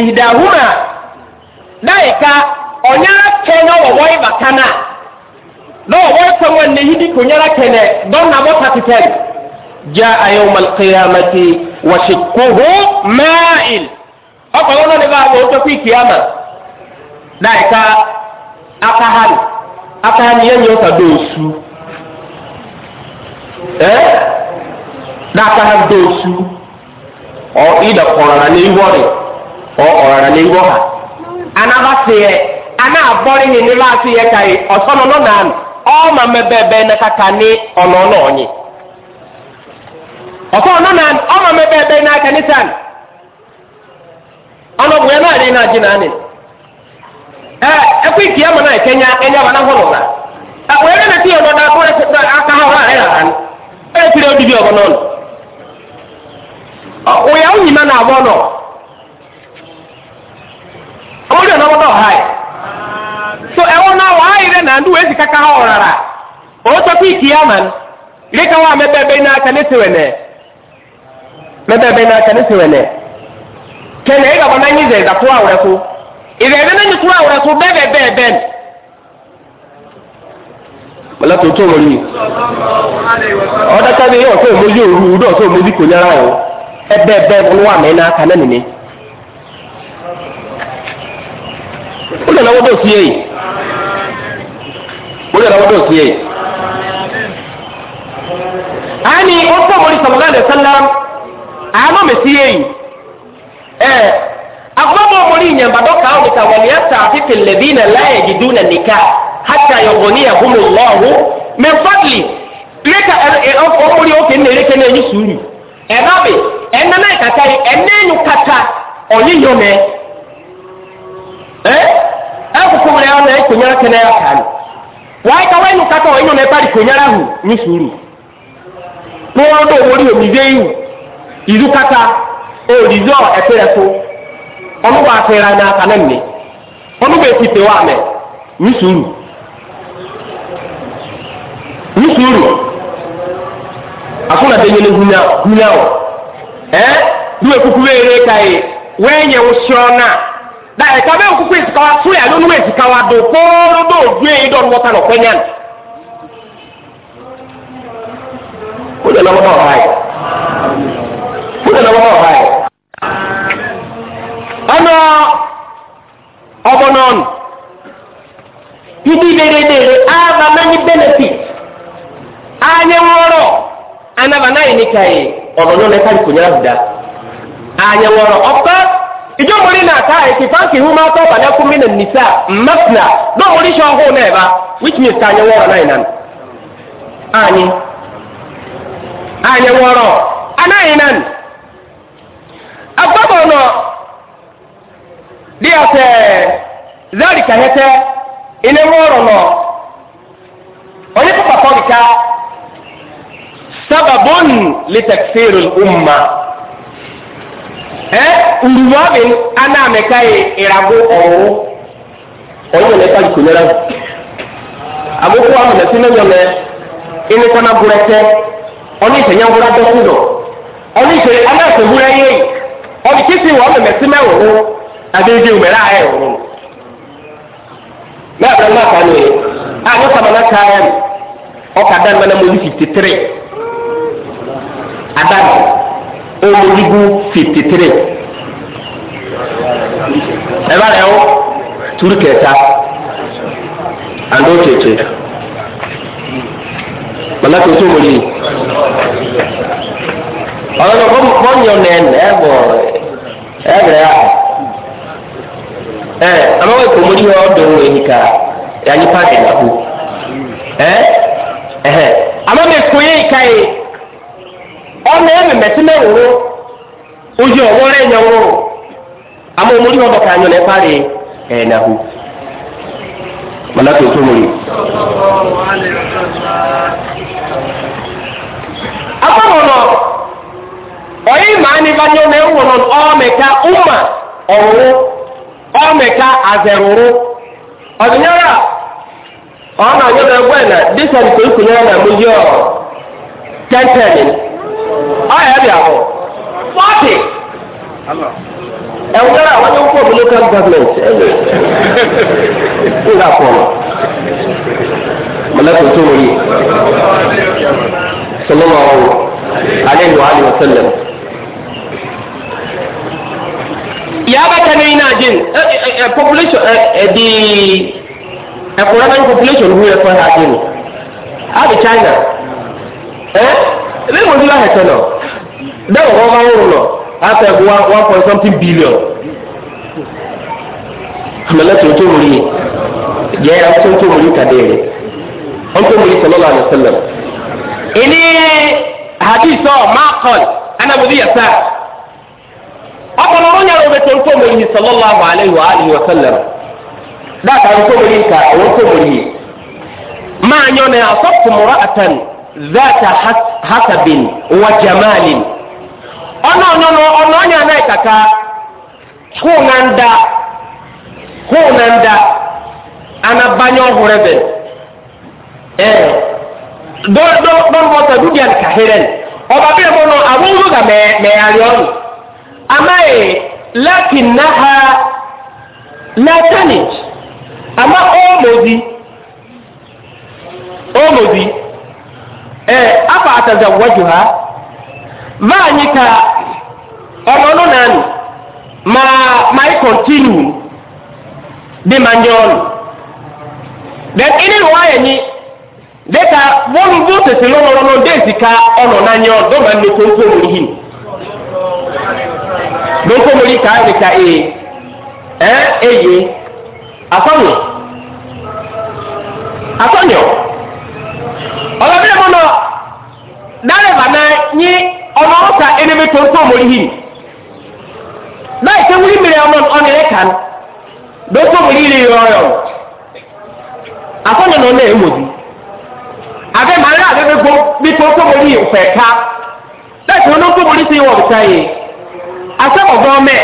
[SPEAKER 1] ìdàhùmà láyìíká ọ̀nyára kẹ́nyọ́ wọ̀wọ́ ibà kánà lọ́wọ́ ẹ̀kọ́ wọn ní yídí kò nyára kẹ́nẹ̀ dọ́nà bọ́ pàtìkẹ́ jẹ́ ayọ̀mọ̀lẹ́kẹ́yàmẹ́tì ọkpọrọ lọrọ nípa a ọtọkọ ìkìyàmà náà ìka aka ha ni aka ha ni yẹn yẹn ọkà ẹ náà ọ ịda ọrara n'ihu ọ ọrara n'ihu ọha anabasi yẹ anabọrị yẹn nípa asị yẹ ka nọ ọ ma ní nọ n'anụ ọ ma mẹbẹẹbẹ n'aka ọlọ́gbọ̀n náà ní iná jìnnà ni ẹ ẹkú ìkìyà mọ̀ náà kẹ́nyà ẹ̀nyà wọn ahọ́n ọ̀la àwọn ẹ̀rẹ́ nàti ọ̀nà náà kọ́ ẹ̀sẹ̀ náà aka ha ọ̀la ẹ̀rẹ́ hàn ẹ̀rẹ́ tìrẹ̀ ọ̀dìbí ọ̀bọ̀ náà nù ọ̀yà ọ̀nyìn náà nàbọ̀ nọ ọmọdé ọ̀nà ọmọdé ọ̀ha yẹ so ẹ̀wọ̀n náà wọ́n ayé rẹ̀ nàndú wẹ́ẹ́sì kaka ha ọ̀rara ọ̀tọ́ kú ìkìyà mọ̀ ní ilé kan wà mẹ́bẹ̀ẹ́bẹ́ náà kẹ́ kyɛnɛ ɛyɛ ɔbɛn anyi zɛ ɛdako awurɛ ko ɛdɛdɛ n'anyi kuro awurɛ ko bɛbɛ bɛɛ bɛn mɔlɛ tó tó wọlé ɔdaka bi yɛ ɔtɔ omozi oru udu ɔtɔ omozi konyara o ɛbɛ bɛɛ wọn wà mɛ n'aka nɛ nìyɛ ó lè lọ́wọ́ bó sí èyí ó lè lọ́wọ́ bó sí èyí. a ní ó pọ̀ mọ́rí sọ̀rọ̀ náà lè sọ́lá àánú mi sí èyí ɛɛ eh, akɔbɔ mɔri nyɛnbadɔ kan o de ka wɔliya saafi tɛlɛbi na laayɛ didu na nika hata yɔgɔni eh, eh, ya humu lɔɔhu mɛ fadli leka ɛ ɛ ɔmɔri o kɛnɛ leka na yi suuru ɛna ɛnana yi yi ɛnɛnu kata ɔni yɔmɛ ɛɛ ɛkoko wɛrɛ ɔna ekonyara kɛnɛ yɛ kan wɔayi ka wɔyinu kata ɔni yɔmɛ ba de konyara hu ni suuru kpɔɔ dɔw wɔri yɛ mi bɛ yi idu kata òdìjọ́ ẹ̀fẹ́ ẹ̀fọ́ ọlọ́wọ́ afẹ́ra ní akalẹ́ mi ọlọ́wọ́ etí pè wá mẹ́ ní sùúrù ní sùúrù akúnà tẹ̀yẹ ní húnyà húnyà o ẹ́ bí ekuku bẹ́ẹ̀ rẹ̀ ka yìí wẹ́ẹ̀ yẹ wọ́n sọ náà da ẹ̀ka bẹ́ẹ̀ okuku èsìká wa fún yà ló nínú èsìká wa dùn kóró bó ojú èyí dọ̀ wọ́ta lọ pẹ́yàn. ó lè lọ́wọ́ náà wáyé kúrò lọ́wọ́ bàbá yẹn. ọ̀nà ọmọ náà nù ibi dèrèdèrè ààbà mẹ́ni benefit ànyẹ̀wọ̀rọ̀ anabanáyé nìkan yìí ọ̀nà náà lẹ́ka ní kò nyẹ́ra fìdá ànyẹ̀wọ̀rọ̀ ọ̀pẹ́ ìjọ́mọ̀rí náà ká èkì fáńkì ìhun máa tọ́ balẹ̀ fún mi nà nìsá mẹ́fìlà náà wọ́n rí sọ́ọ́ hóun náà bá which means ká ànyẹ̀wọ̀rọ̀ náà yìí nánu. ànyẹ̀ ànyẹ̀wọ̀rọ̀ anáyìí nánu. agbọ́bọ̀ nọ di ọ̀sẹ̀ zari kẹhẹtẹ ilé wọ́ọ̀rọ̀ nọ onye papa kọ́ọ̀kà sábàbọ̀n litaksirul umma ẹ ndùmọ́bì anáàmẹ́ka yìí ìràgó ọ̀rọ̀ onye wọn ẹ̀ka ìkùnyẹ́rẹ́ agbókò àwọn ẹ̀sìn náà yọ̀ onye ìṣẹ̀yẹ́ ńkúrẹ́ dọ́kúndọ̀ onye ìṣẹ̀yẹ́ ọbi kisi wọ mẹmẹ si mẹ wọwọ adéjì mẹrẹ ayẹ wọwọ mẹ abẹ mọ àkànní yẹ a ní sàmánà káyà mi ọkà dá mẹnà mọ ní fifty three adam ọmọdébù fifty three ẹ bá rẹ wọ turu kẹta àndó kẹkẹ
[SPEAKER 2] mọlá tó tó wọlé. ọ̀nà mọ́nyọ̀ nẹ́ẹ̀n ẹ̀bọ̀ ẹ̀bẹ̀rẹ̀
[SPEAKER 1] a ẹ̀ amáwé kòmódì wọn ọ̀dọ̀ wọn èyí ká yanyi paaki nàkó ẹ̀ ẹ̀hẹ̀ amáwé kòyè ká yìí ọ̀nà ẹ̀mẹ̀ mẹ̀tẹ́mẹ̀ wòró ojú ọ̀wọ́ rẹ̀ nyẹ wòró amáwé kòmódì wọn ọ̀dọ̀ ká oyi maani banyo ne wonon omeka umma ọrụrụ omeka azerụrụ ọdịnyara ọ na-anyụ na egwe na dịka nke na mụzi ọ ọ ya bịa bụ fọti ẹwùdára àwọn tó ń pọ̀ bí local
[SPEAKER 2] government ń gbà pọ̀
[SPEAKER 1] mọ̀lẹ́kùn tó wọlé sọlọ́mọ ya bata ne ina jin eh, eh, eh, population di economic population hu ẹkọ ha jin abi china eh ebe mo dila hẹsẹ nọ bẹẹ wọ ọba wọrọ nọ afẹ ẹgbẹ one one point something billion
[SPEAKER 2] amẹlẹ tó to wuli
[SPEAKER 1] yẹ ẹ tó to wuli kàdé rẹ wọn tó wuli sọlọ lọnà sẹlẹm ìní hadith ọ máa kọ ẹnabodi yẹ sáà akɔlɔlɔ nyɛ wɔn bɛ tɛ nkɔmɔ yi sallallahu alayhi wa alayhi wa sallam daka nkɔmɔ yi ka awɔ nkɔmɔ yi maa nyɔ ne asɔkumura atan zata hasabin wa jamalin ɔnɔ nyɔnu ɔnɔ nyɛ anayi kaka kunanda kunanda anabanyɔ hore bɛ ɛɛ dɔ dɔ dɔ bɔ dudiyan kahirɛn ɔba bɛ bɔ nɔ awɔ wolo ka mɛ mɛ ariɔnu. amaghị lakin na ha latanage ama omozi omozi ee afa atazawaju ha ma anyị ka ọnụnụ na anụ ma ma ị kontinu dị ma ndị ọnụ then ịnị nwa ya nyi dịka wọn bụ tesi n'ọnụ n'ọnụ desi ka ọ nọ n'anya ọ dọba nnukwu nkwụ n'ihi doko mori ka ne ka e ɛn eye eh, e asɔnyɔ asɔnyɔ ɔlɔdi mu nɔ n'ale ba na nyi ɔnɔ ɔta enemi to nko mori hi n'ayi te wuli mmiri ɔnɔ ɔnɔ yɛ e kan doko mori yi yɔ yɔ asɔnyɔ na ɔna yɛ e wodi abe maa yɛ abe bɛ gbɔ bi to nko mori yi fɛ ka n'ayi te wuli nko mori si wɔ bi ta yɛ. asa ọgọ mẹ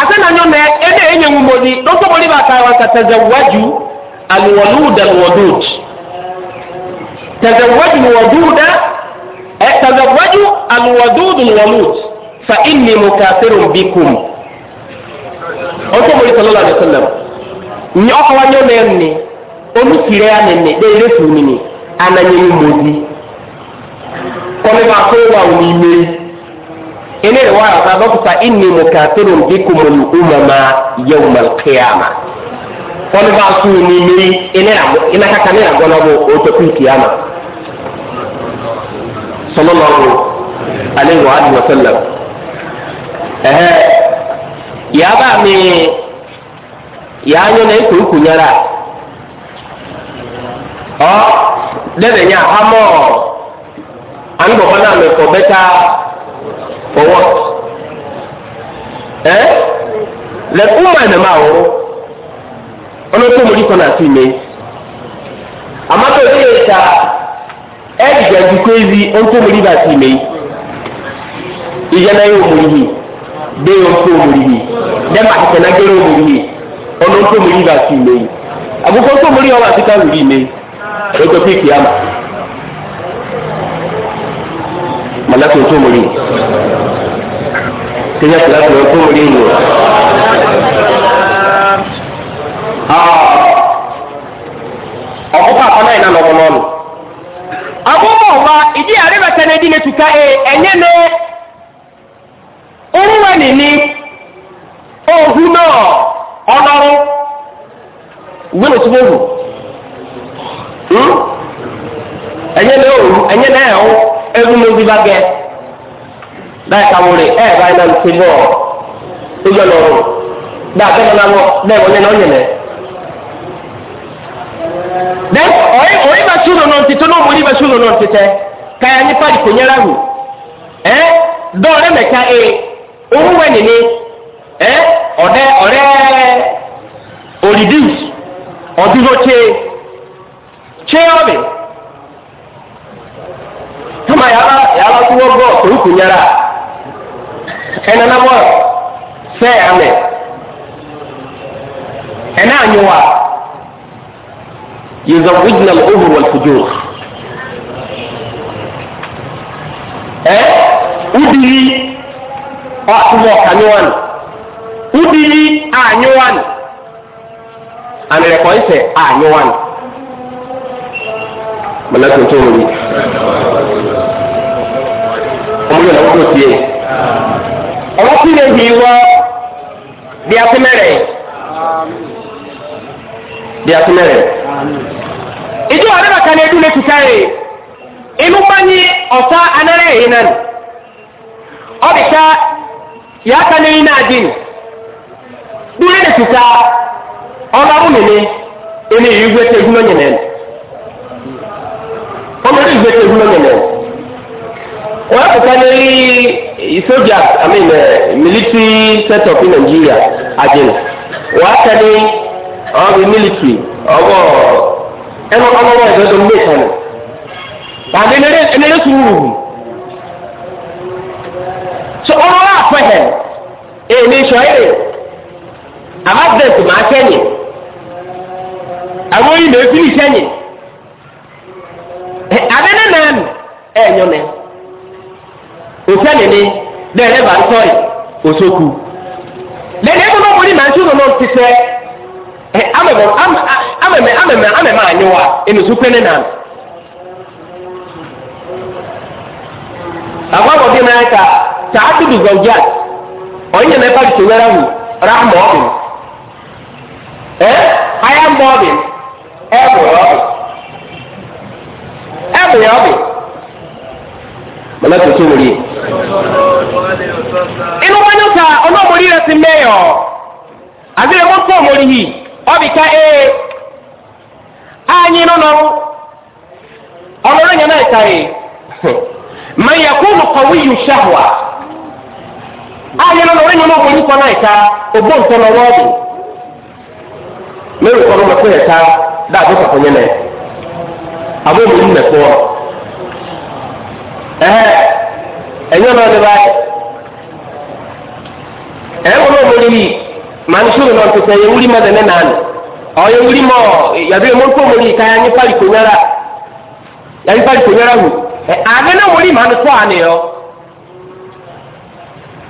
[SPEAKER 1] asa na nyọmẹ ẹdẹ enye ŋu mọdi lọsọ mọdi bá tàwa ta tẹzẹwájú aluwọlúwù dẹ lọwọdúd tẹzẹwájú lọwọdúd dẹ ẹ tẹzẹwájú fa inni mukasiru bikum ọsọ mọdi sọlọlá àdé sọlẹm nyẹ ọkọwa nyọmẹ ni ya ni eléyìí wà á sábà kúta inni mukathirun bikumul umama yawmal qiyamah wọn bá sùn ní mírí iná kàkà ní àgọ́nàbọ̀ òótọ́ kú kìámà sallallahu alaihi wa alihi wa sallam yaba mi yaanyo na ekuru kunyara ọ dẹbẹ nya hamọ anubọbọ náà mẹkọ bẹta for what eh? ẹ lẹkùn mà nà má wò ọlọ́tọ́ mo ní kọ́ náà sí mi àmọ́tò ní lè ta ẹ jẹ́ dùkú ezi ọ̀tọ́ mo ní bá sí mi ìyẹn náà yóò mú yìí bẹ́ẹ̀ yóò tó mú yìí dẹ́mà tẹ̀tẹ̀ náà gẹ́rẹ́ mú yìí ọlọ́tọ́ mo ní bá sí mi àbúkọ́ tó mo ní ọ̀rọ̀ àti yìí mi lọ́jọ́ pé àmà mọ̀lẹ́kùn tó mo ní kéjá kíláàsì ah. lọ tó rí ìlú. ọkụkọ akọ náà nọ n'ọnụ. ọkụkọ ọba ịdị arịbata n'edi n'etuka e enye na nwa nini ohu náà ọnọrụ uwe n'otu ohu. enye na ohu enye na ehu ewu n'ozi bagẹ. báyìí ká wọlé ẹ báyìí náà ti bọ̀ tó yọ lọ rùn bá a bẹ́ẹ̀ náà lọ bẹ́ẹ̀ wọlé náà yẹlẹ. dẹ ọ̀yẹ́ ọ̀yẹ́ bá sùn lọ́nà títọ́ náà wọlé bá sùn lọ́nà títẹ́ káyà ní pàdé kò nyẹ́rà wù ẹ dọ́ọ̀rẹ́ mẹ́ta ẹ owó wẹ̀ nìní ẹ ọ̀dẹ ọ̀rẹ́ ọ̀dúró ɛna na bɔ sɛ amɛ ɛna anyiwa yezɔbujina ohun wal fujur ɛ e, udiri ɔtubɔ kanyiwa ni udiri anyiwa ni anirɛkɔ yi sɛ anyiwa ni mɛlɛ tuntun mi ɔmu yɛ lɛ ɔmu yɛ lɛ ọwọ́ kí lè hì wọ bí akúmẹ́rẹ̀ bí akúmẹ́rẹ̀. ìjọ àwọn ẹ̀ka ni ẹdún lè tuta rè inú bá ní ọ̀sá anárẹ̀ yìí náà ọ̀bìta yàá ká ní iná àdín dúró lè tuta ọlọ́run nìyẹn ẹni ìgbésẹ̀ ìgbúná yẹn náà ọmọdé ìgbésẹ̀ ìgbúná yẹn náà. Well, certainly, soldiers, I mean, uh, military up in Nigeria, again. Well, certainly, all the military, ọwọ́ ẹnu ọlọ́wọ́ ìdọ́dọ̀ ní ìtàn. Bàbá ẹni lé sùúrù wù. So, ọlọ́wọ́ àpẹẹrẹ, èmi sọ èrè, àbádẹ́sì máa kẹ́yìn. Àwọn oyinbo efi ìkẹyìn. Adé nínú ẹ̀ ẹ̀yọ́ mẹ́rin òsèlè ni dẹ́rẹ́ bá ń tọ́ yìí òsókù lẹ́nu ẹ̀kọ́ náà wọlé màá ń túnú náà ti sẹ́ ẹ̀ amẹ̀mẹ̀ amẹ̀mẹ̀ amẹ̀mẹ̀ amẹ̀mẹ̀ àníwá ẹnìtú pẹ́ẹ́nì nà. àgbàbọ̀ bí mẹ́rin ká tàá dùdù zọ̀jà ọ̀nyẹ̀ mẹ́fà ti wẹ́rẹ́ wù ráhùmọ̀ ọ̀bìn ẹ̀ ayé mọ̀ ọ̀bìn ẹ̀ bùrọ̀ ọ̀bìn ẹ̀ bùrọ̀ ọ̀bìn mọlẹ́tò tó wòlíì. inú wọn yóò ta ọlọ́mọdé rẹ ti mẹ́yọ̀ àbílẹ̀ wọn fọ́ ọmọdé yìí ọbì ká ee ányin nínú ọmọdé yẹn náà ta ee mẹyà kó lùkọ̀wé yìí ṣàwà ányin nínú ọmọdé yẹn náà wọlé kọ́ náà ta ògbó nǹkan lọ́wọ́ ọ̀dùn mẹ́rin kọ́ ló mọ̀ pé ẹ̀ta dáàbò kọ̀ọ̀kan yẹn náà àbó mi ń mẹ́kọ́ ẹ̀yọ́ náà lè báyìí ẹ̀yọ́ náà lè rí màánù sórí náà tó sẹ́yẹ wúrí mọ́ tẹ̀lé nàánù ọ̀yẹ́ wúrí mọ́ yàtọ̀ èmo tó káyà ní pálí náírà yàtọ̀ pálí náírà wù ẹ̀ àná náà wúrí màánù tó àná yọ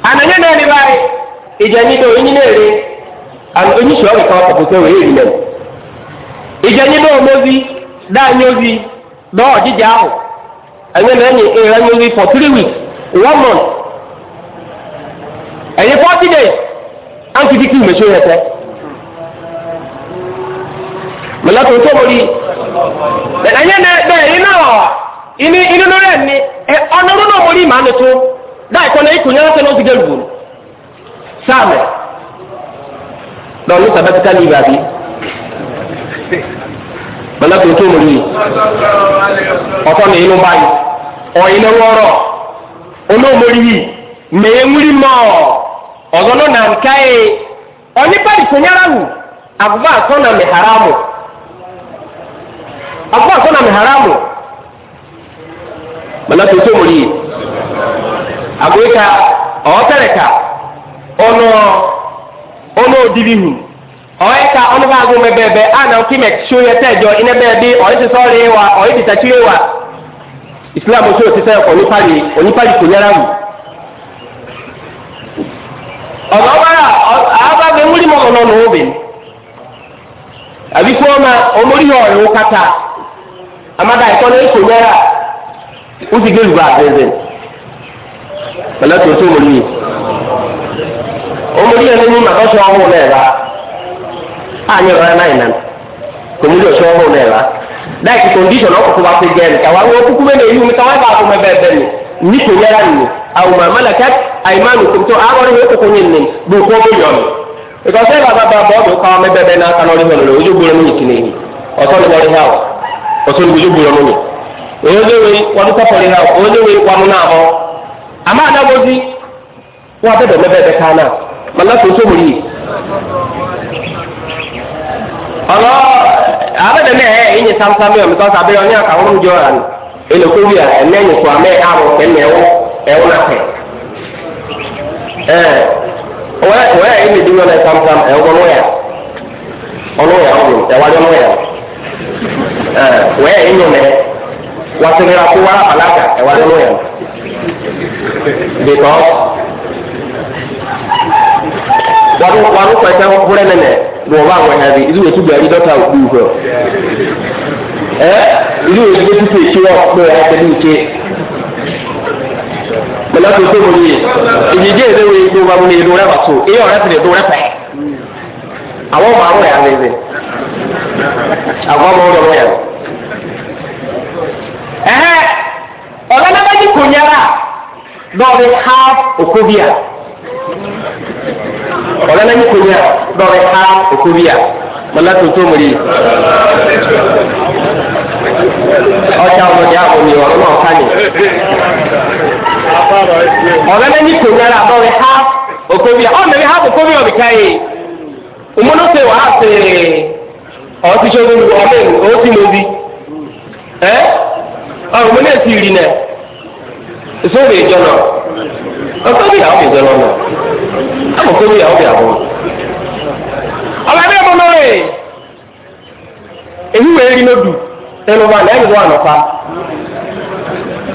[SPEAKER 1] ànàyẹ́ náà lè báyìí oyin náà ẹ̀yin lẹ́yìn ìrẹ́ ní orí for three weeks one month ẹ̀yin forty days ankiti kí ìmẹ̀ṣẹ́ yẹn tẹ́ mọ̀lẹ́kùn tó wọlé ẹ̀yin bẹ́ẹ̀ iná inú inú lórí ẹ̀mí ọ̀nà ọdún náà wọlé ìmọ̀ ànìtú dáì kọ́nà ikùn yẹn lọ́sẹ̀ lọ́sẹ̀ dẹ́rù wọ̀lú sáàmì lọ́ọ̀lù sàbẹ́tìkà ní ìbàdí. bala tó tó mọlẹ ọkọ ní inú báyìí ọ náà wọrọ olóòmọlẹ yìí mèé wúri mọ ọzọ náà ọ nká yẹ ọnípàdé sọnyára wù àbúbá àtọ́nà mi haramu àbúbá àtọ́nà mi haramu bala tó tó mọlẹ yìí àgbo yìí òdìbí oye ka onye ba gume bebe ana ukime shuye tejo ine bebi oye ti sori wa oye ti tachiwe wa islam ojú pali ẹ̀kọ́ onípàlì onípàlì kò yára wù. ọ̀nà ọ̀bára àbábẹ́ múlí mọ́ ọ̀nà ọ̀nà òbí. anyị rọra na ịna kòmílì ọ̀ṣọ́ ọ̀hún náà rà dáìkì kòndíṣọ̀n ọ̀kọ̀kọ̀ bá fi jẹ́ ẹ̀mí káwá wọ́n kúkú bẹ́ẹ̀ lè yí omi káwá bá fún ẹbẹ̀ ẹbẹ̀ mi ní kò yára nù àwọn amálakat àìmánu kòmítọ́ àwọn ọ̀rẹ́ kòkó yẹn nì bí kò bí yọ̀nù. ìkọ̀sẹ́ bàbá bá bọ́ọ̀dù káwá mẹ́bẹ̀ bẹ́ẹ̀ náà kaná ọ̀rẹ́ mẹ́rin ojú gbúra mẹ́yìn kìnìún yìí ọ̀sán ni wọ́n rí hàwọ̀ ọ̀sán ni ojú gbúra mẹ́yìn. èyí olówe wọn kọ́kọ́ rí hàwọ̀ olówe wọn náà họ. bẹ́ẹ̀ ká náà màlá ọlọ abẹ́dẹ̀ mẹ́ẹ̀ ẹ̀yẹ samsam yọ mi kọ́sà abẹ́yẹ ọ̀nyà kàwọn ọ̀njọ́ àná ẹlòkó bíà ẹ̀nẹ́ nyìkọ́ amẹ́ àrùn kẹ́mẹ́ ẹ̀wọ́ ẹ̀wọ́ nà pẹ̀ ẹ̀ wọ́n ẹ̀yẹ mi dúró náà samsam ẹ̀wọ́ nọ́yà
[SPEAKER 2] ọ̀nọ́yà ọ̀gbìn ẹ̀wájọ́ nọ́yà
[SPEAKER 1] ẹ̀ wọ́n ẹ̀yẹ nyọ̀mẹ́ wàtúndínlá kó wàrà pàlágà ẹ̀wájọ́ nọ́yà bìkọ́
[SPEAKER 2] wàlúù wàlúù pẹ̀sẹ̀ fúrẹ́ nínú bọ̀ ọba àwọn ẹ̀yà rẹ̀ ìlú ètò ìgbàlódé dọ́tà òkú ìfọ̀ ẹ̀ ìlú ètò ìgbàlódé ìṣe ọ̀pọ̀ ẹ̀ẹ́dẹ́gbẹ̀ ìṣe pẹ̀lú àti òkú òmòye ìdíje èdè wo ìgbó wa múlẹ̀ ìdó rẹ̀ wàtò èyí ọ̀rẹ́ ti lè dó rẹ̀ pẹ̀ àwọn ọmọ àwọn ẹ̀yà rẹ̀ àwọn ọmọ
[SPEAKER 1] ọmọ ẹ̀yà ẹ̀hẹ́ ọ̀gá wala na ko nya do re ha ko biya mala to to muri o cha mo ja ko ni wa mo ka ni
[SPEAKER 2] wala na ko nya ra do re ha
[SPEAKER 1] ko biya o ne ha ko biya bi kai umono se wa se o ti so ni wa me o ti mo bi eh o mo ne ti ri ne so re jona o to bi ha o bi jona ama kó bí àwọn bí àwọn. ọ̀la bí ẹ̀mọ́ náà rè èyí wèé rí lódù ẹnu wa lẹ́yìn wa nọ̀pa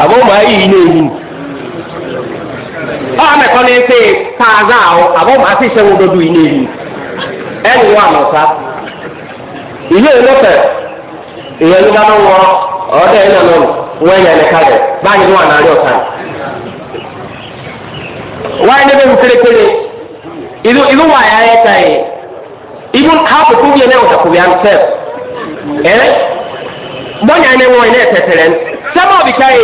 [SPEAKER 1] àbọ̀ ọmọ ayé yìí náà yìí. ọ̀ mẹ́kọ́ ní pé káàzá àwọn àbọ̀ ọmọ àti ìṣẹ́wó dọ́dù yìí náà yìí ẹnu wa nọ̀pa. ìlú ìlọ́fẹ̀ ìyẹn ló bá ń wọ ọ̀ọ́dẹ̀ ẹ̀ náà lọ́nà wọ́n yẹn ẹ̀ka rẹ̀ báyìí wà náà ọ̀tá. wáyé níbi ìfúrẹ́kẹ́lẹ́ ilu ilu wa ya ya ta ye ibun kapu ku ye ne wata ku ya se eh mo nya ne wo ne tetere se mo bi kai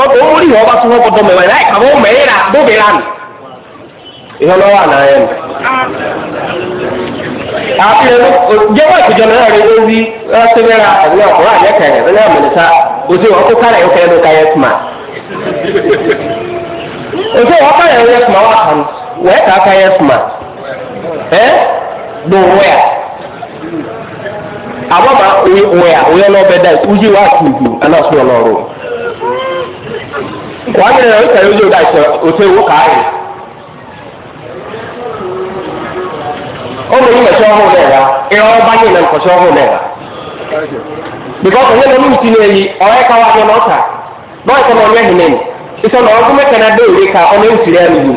[SPEAKER 1] o do mo ri ho ba so ho do me wa lai ka mo me ra do be ran ihe lo wa na
[SPEAKER 2] a àti ẹnu jẹ́wọ́ ìpèjọ náà rẹ̀
[SPEAKER 1] ló rí ẹ́sẹ̀mẹ́ra àbí ọkùnrin àjẹkẹ̀ rẹ̀ lẹ́yìn àmọ̀lẹ́ta òsè wọn kó kárẹ̀ yóò fẹ́ ló ká yẹ kùmà òsè wọn o yóò yẹ kùmà wà kàn waya ka kaya smart eh do waya àmọ́ máa oye waya oye lọ bẹ dáì ují wa tù jù aná sún ọ̀nà ọ̀rọ̀ wàá bẹ̀rẹ̀ náà ó tẹ̀lé ojú ọ̀dà ìṣẹ̀ òtún ewu kàáyé
[SPEAKER 2] ọmọ yìí mẹ̀sọ́ ọ̀hún náà wá ìrọ̀ ọba yìí nà nkọ̀sọ́ ọ̀hún náà wá because
[SPEAKER 1] ọ̀yẹ́ lọ́mú ìtì náà yìí ọ̀rẹ́ káwá ní ọ̀nà ọ̀tà bọ́ọ̀sì náà ọ̀rẹ́ hìnnẹ́ni ìsọ̀nà ọ̀gbọ́n mẹ́kànnà dé òwe ká ọ̀nà ìtì náà nìyí.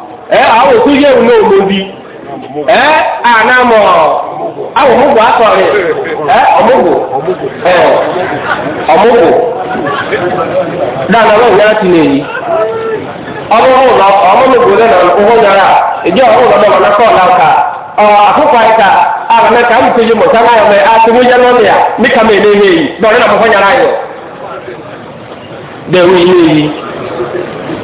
[SPEAKER 1] ẹ àwọn òkú yẹ ìwé òmòbi ẹ ànámọ àwọn òmùgbò àtọrẹ ẹ ọmùgbò ẹ ọmùgbò dáadáa lọ́wọ́ yára ti lè yí
[SPEAKER 2] ọmọ òun lọ ọmọ ògbò lẹ́nu owó yàrá ìjọ ọmọ òun lọ́wọ́ lọ́kọ̀ ọ̀làkà ọ àkókò àyíká àrùnẹ́ka ń tó yé mọ̀ sáná ọmọ ẹ̀ àti wọ́n yẹ lọ́nà yà ní kàmé ilé
[SPEAKER 1] yẹ yìí bọ́ọ̀lù náà fọ́fọ́ yàrá yẹ dẹ̀rù ilé yìí.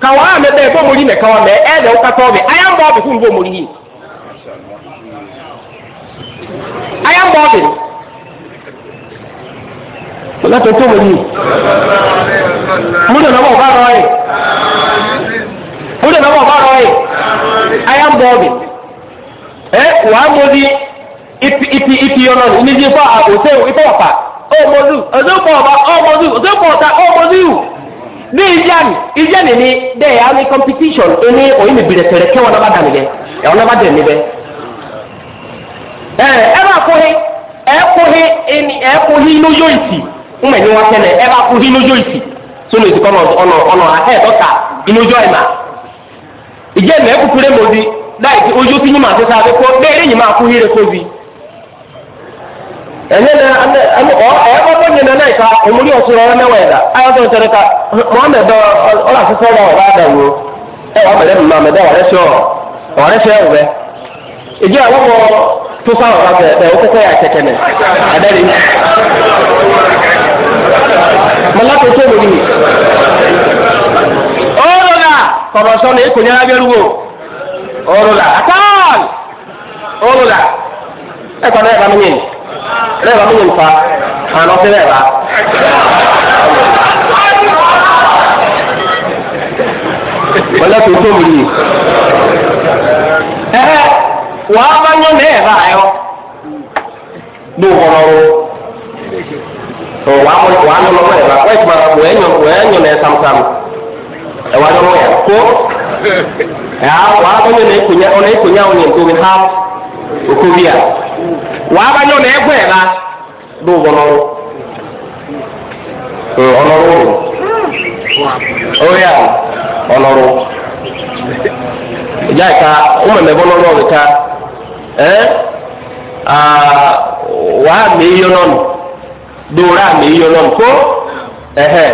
[SPEAKER 1] kawa me be bo mori me kawa me e de ukato be aya mbo be fun bo mori yi aya mbo be wala to to mori mu de na bo ba ro e mu de na bo ba ro e aya mbo be e wa mo di ipi ipi ipi yo no ni ji fa a o se o ipo pa o mo du o zo po ba o mo du o zo ta o mo ní ìjáni ìjáni ni dẹ́ ẹ̀ ní competition ẹni òyìn mi bìrẹ̀ tẹ̀rẹ̀ kẹ́wọ́n náà bá dà níbẹ̀ ẹ̀wọ́n náà bá dẹ̀ níbẹ̀. ẹ ẹ bá kó he ẹ kó he ẹni ẹ kó he lójó ìsì ńmẹ̀ ni wọ́n tẹ́lẹ̀ ẹ bá kó he lójó ìsì sónú ìsìkọ́ ọ̀nà ọ̀nà ahẹ́ dọ́kà ìlójó ẹ̀mà. ìjẹ́ ìmẹ̀ kúkúrẹ́ mọ́bi láì enyena ame ọ a bọ nyina na na òmùdí ọsùn ọwọ na wẹẹdà ayọtọ nsọrọ ka mohammed dọ ọlọ asọsọ ọba ọba adàwọ ẹ wà mẹrẹ mọ mẹdẹ wà rẹsẹ ọ rẹsẹ ọwẹ ìdí àwọn ọmọ tó sáwọ ọba tẹ ẹ ọkọkọ yà kẹkẹ nẹ tó wọlé yìí ọrọ la sọ bẹrù
[SPEAKER 2] ọrọ la ọrọ la ẹ kọ náà ẹ bá mi yẹn. lẹ́ẹ̀bà mú nǹkan àná sí lẹ́ẹ̀bà. wọ́n
[SPEAKER 1] lẹ́tọ̀ọ́ tó mu yìí. ẹ̀hẹ́ wàá bá yọ lẹ́ẹ̀bà yọ. bí o kọ̀ọ̀rọ̀ o wàá mú wàá mú lọ́wọ́ ẹ̀bà wọ́n ti máa wọ̀ ẹ́ yàn wọ̀ ẹ́ yàn lẹ́ẹ̀ sàmùsàm ẹ̀wà lọ́wọ́ yà kó. ẹ̀hà wàá bá yọ lẹ́ẹ̀kùnyà ọ̀nà ìkùnyà ọ̀nà ìkùnyà ọ̀nà ìkùnyà ọ̀nà ìkùnyà
[SPEAKER 2] wàá bá nyɔnu ɛgbɛ la
[SPEAKER 1] do ɔlɔrɔ ɔlɔrɔ oya ɔlɔrɔ ìjà ìta ɔmọlẹ bọ lọrọ ìta ɛ wàá mi yọ lọnù dòwúrà mi yọ lọnù kó ɛhɛ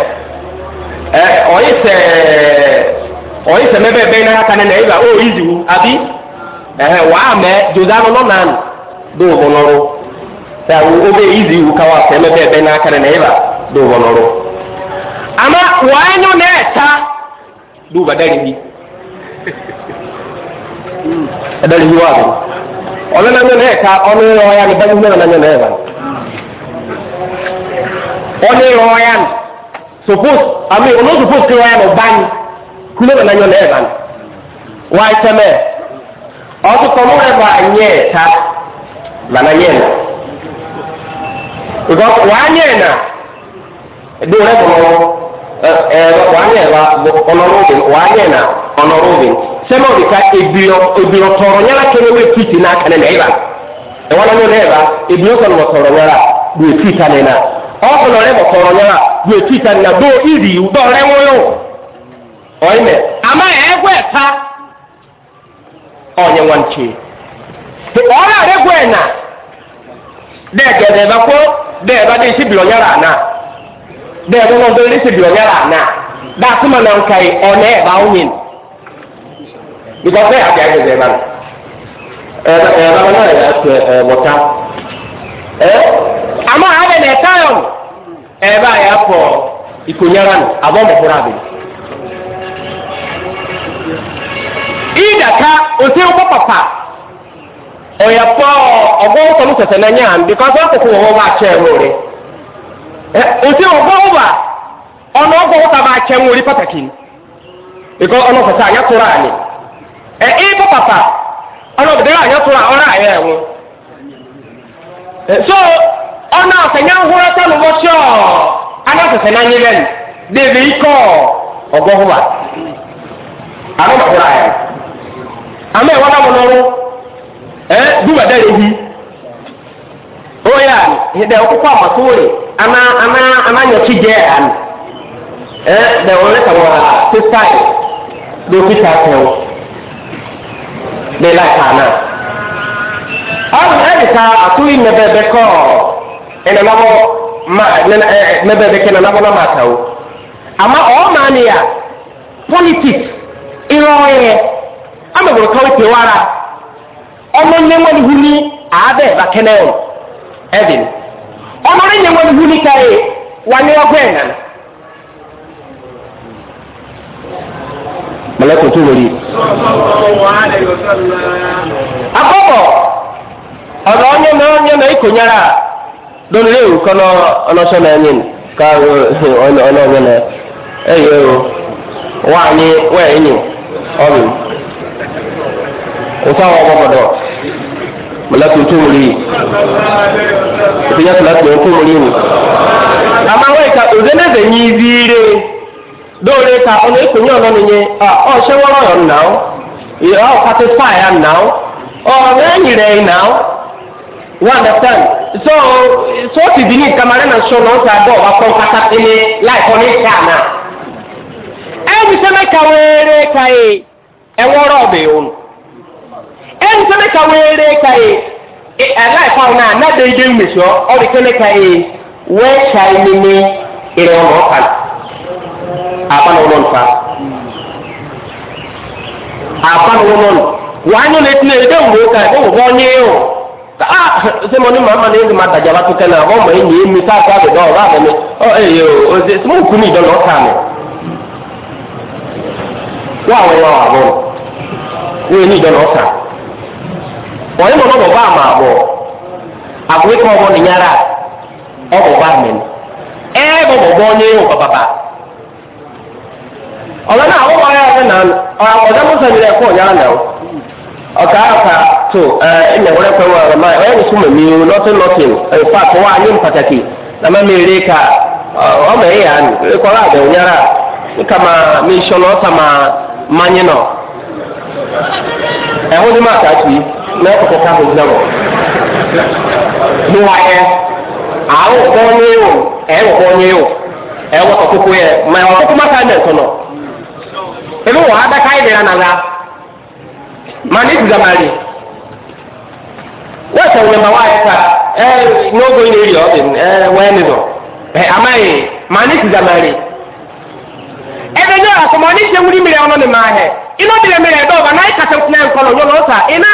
[SPEAKER 1] ɛ ɔyí sɛ ɔyí sɛ mɛbɛ bɛyìn náà kanẹ nà ẹ yìí bá ó yìí dùn àbí ɛhɛ nù do bonoro ta wo obe izi wu kawa feme be be na kare na eba do bonoro ama wa enyo na eta do ba dari ni dari ni wa do ona na na eta ona ro ya ni ba na na na eba ona ro ya ni suppose i mean ono suppose ke wa ya ban kulo na na na eba wa iteme ọtụtụ mụ ebe a nye ta maana yena because wanyena do re kono eh wanyena onorobin wanyena onorobin sema bika ebiro ebiro toro nyala kene we titi na kana ne ba e wala no ne ba ebiro kono toro nyala do tita ne na ọkùnrin rẹ bọ̀ tọrọ yẹn a yóò ti ta nà dó ìdì ìwúdọ̀ rẹ wọ́n yóò ọ̀yìn mẹ́ àmọ́ ẹ̀ ẹ́ gbọ́ ẹ̀ ọ̀rọ̀ àrégbò ẹ̀nà bẹ́ẹ̀ gẹ̀dẹ̀ bá kó bẹ́ẹ̀ bá dé ìsibìlọ̀ yàrá àná bẹ́ẹ̀ bá wọn bẹ́ẹ̀ dé ìsibìlọ̀ yàrá àná bá a kú mọ̀ náà kàì ọ̀nà ẹ̀ bá ń yin ìgbàgbọ́ yà bí agẹ̀dẹ̀ bá ẹ̀ ẹ̀ bá wọn náà yà sọ ẹ̀ wọ̀ta ẹ̀ àmọ́ àárẹ̀ nà ẹ̀ káyọ̀ ẹ̀ bá yà pọ̀ ìkònyára nù àbọ̀ mọ̀kúrà bẹ̀rẹ̀ ìdàka òsè ń bọ̀ pàpà. ọ̀yà pọ̀ ọgbọ́n sọ̀rọ̀ sẹ̀sẹ̀ n'ẹ̀yẹ hàn bíkọ́sì ọ̀kùnkùn wọn bá kyẹ̀ wọlé òsì ọgbọ́n bá ọ̀nà ọgbọ́n bá bá kyẹ̀ wọlé pàtàkì bíkọ́ ọ̀nà ọ̀fẹ̀sẹ̀ àyà tó rà ní ẹ̀ ẹ̀ bọ́ pàpà ọ̀nà àyà tó rà ọ̀rà àyà ẹ̀ so ọ̀nà ɛɛ eh, duma da de bi oya oh, dɛ ɔkɔkɔ amatore ana ana eh, ana nyɔtsi jɛ ani ɛɛ dɛ ɔlɛ kama sitai do kita tɛw de la kana ɔn ɛdi ka aturi mɛbɛ bɛ kɔ ɛnɛnabɔ ma ɛnɛnɛ ɛɛ mɛbɛ bɛ kɛ ɛnɛnabɔ na ma ta o ama ɔmaani a irɔ yɛ ama gbɔdɔ kawo te ọmọ nye wọn huni aabẹ bakẹnẹ ọ ẹdin ọmọ ne nye wọn huni kae wani ọgbẹ ẹnan mọlẹkùn tó wọlé. akọkọ ọ̀nà ọ̀nyẹ́ náà ọ̀nyẹ́ náà ikò nyara lórí ewu kọ́nà ọlọ́sọ náà ẹ̀yìn ká ọ̀nà ọ̀nyẹ́ náà ẹ̀yẹ o wọ́n á ní wọ́n ẹ̀yìn o sáwọn ọmọ mọ̀dọ̀ mọ̀lẹ́tò tó wọlé yìí ìpínlẹ̀ mọ̀lẹ́tò tó wọlé yìí. àmàwọ̀ ìka òzẹ́nẹ́zẹ̀ yín ibi ka ọ̀nà ìpínlẹ̀ ọ̀nà nìyẹn ọ̀ ṣẹ́ wọ́n rọ̀ yọ̀ nàá ìyá ọ̀ pàtó fáyà nàá ọ̀nà ẹ̀yìn rẹ̀ you understand so so ti di ni kamara na so na ọsàn adọ ọba kọ nkata pele láì kọ ní ká náà ẹ bí sẹ́mi kàwé rẹ̀ kàyé ẹ wọ́rọ̀ ọ̀bẹ̀ yòó nù ẹni tó ní ka wéere ka yi aláìka wọn náà náà déédé ń wèsì ọ ọdún ka yi wẹ́ẹ́ ṣá ẹni ní ìrìn ọ̀nà ọ̀kan àbánu wọn nfa àbánu wọn wàá nyọ létí náà ẹdẹ wò ká ẹdẹ wò wọn yé o a ṣe mo ní màmá ní ẹni máa dàjà bá tó kẹ́ náà ọmọ ẹni èmi tá a kọ́ àbẹ̀dọ́ ọ̀rọ̀ àbẹ̀mí ọ ẹ̀yẹ o ọ̀sẹ̀ smoke ní ìdọ́nà ọ̀kan mi wọ́n àwọn ẹ̀rọ àwọn wọ́n ẹni ìdọ́nà ọ̀kan wọ́n yóò lọ́wọ́ bá àmà àbọ̀ àbúrékọ́ ọmọ nìyára ọmọ bá mi ni ẹ bọ̀bọ̀ bọ́ ní ìhùn pàpàpà.
[SPEAKER 2] ọ̀rọ̀ náà àwọn ọmọ ayára náà
[SPEAKER 1] ọ̀rọ̀ ọ̀dọ́ mọ́sán ni ẹ̀kọ́ ọ̀nyá náà ọ̀kà àfà tó ẹ̀ ẹ̀ wọ́n pẹ̀lú ọ̀rọ̀ náà ẹ̀ ẹ̀ súnmọ̀ mi lọ́tí lọ́tí ẹ̀fà tó wà ní pàtàkì làmá mi rí ka ọmọ ẹ̀yà ni ẹ̀kọ́lá àbẹ̀ ònyára nkàmà mi sọ̀nà ọ̀sàmà mányínà ẹ̀hún ni má kàá tì í lọ́kọ̀ọ́ ká gbogbo ọ̀rọ̀ mú wa yẹ àwọn kọ́ ní ìwò ẹ̀rọ kọ́ ní ìwò ẹ̀rọ kọ́ kókó yẹ mẹ ọ̀rọ̀ kókó má ká ẹ̀ sọ̀nà ebi wọ́n adaka yìí dira nàlá mà ní ìgbàmàlì wọ́n sọ̀rọ̀ yẹn mà wá yẹ ká ẹ̀ n'oge yìí rí ọ̀bìn ẹ̀ wọ́n ẹ̀ ẹ̀ amáyé mà ní ìgbàmàlì ebe nye asọmọ ní ìṣe wúri mìíràn ọ̀nà mi máa hẹ inú ọ̀bìnrin mìíràn ẹ̀dọ́ ọ̀bà náà ìkàtà nkùnà nkọlọ̀ yọ̀lọ̀ ọ̀sà iná.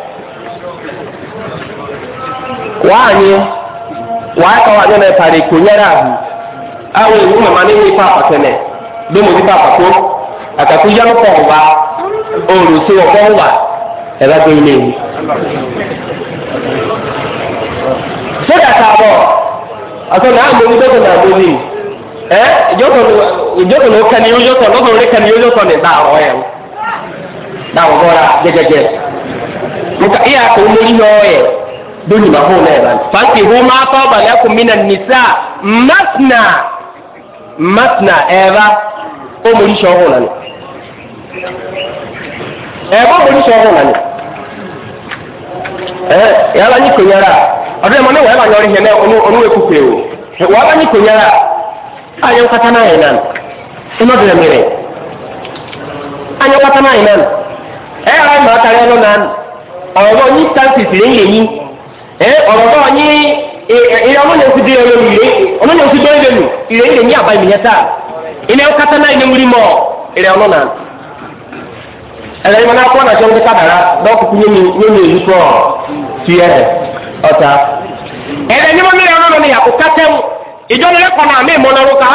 [SPEAKER 1] waanyị waakawaje na tari kunyere ahụ awo ewu mama ne nipa apatene bemo nipa apato ataku ya no pɔn ba oru si wɔ pɔn ba ɛba do ile yi sódà kaabɔ ɔtɔ na amu ni dɔkɔ na amu ni ɛ ìjɔkɔ ni ìjɔkɔ ni kani yóò yɔkɔ dɔkɔ ni kani yóò yɔkɔ ni da awɔ yɛ da awɔ bɔra gɛgɛgɛ nka iya ko mo yi yɔ yɛ lórí ìmàfọ́ náà yẹn báyìí. fàtí hu máa fọ́ balẹ̀kùn mí na nìsá mmasna mmasna ẹ̀rá ó mọ̀ oríṣi ọ̀hún ni ẹ̀rọ mọ̀ oríṣi ọ̀hún nàní. ni ẹ̀ yàrá yín kò yára ọ̀dọ́ ẹ̀ mọ̀ ní wàá bá yọrí yẹn náà onú ekúpe o wàá bá yín kò yára ayọ̀ nkata náà yẹn náà iná dìrẹ̀ mìíràn ayọ̀ nkata náà yẹn náà ẹ̀ yàrá yín mọ̀ ọ̀rọ̀ náà ní ìyá ọmọ yẹn ti di ẹlẹ́nu ìlé ọmọ yẹn ti dọ́ ẹlẹ́nu ìlé ìlé ní àbá ìmìyẹn sáà ìlé ọkọ kátà náà ìlé wúrí mọ́ ìlé ọmọ náà ẹlẹ́yìn mọ́ná kọ́ náà ṣe ń kíkà dára dọ́kùkú yẹn mi yẹn mi èyí kọ́ ti ẹ̀ ọ̀tá. ẹ̀rẹ̀ ní mo mìíràn ọ̀nà mi àkó kátẹ́ mu ìjọ ní lẹ́kọ̀ọ́ náà mi mọ̀ lọ́rùn ká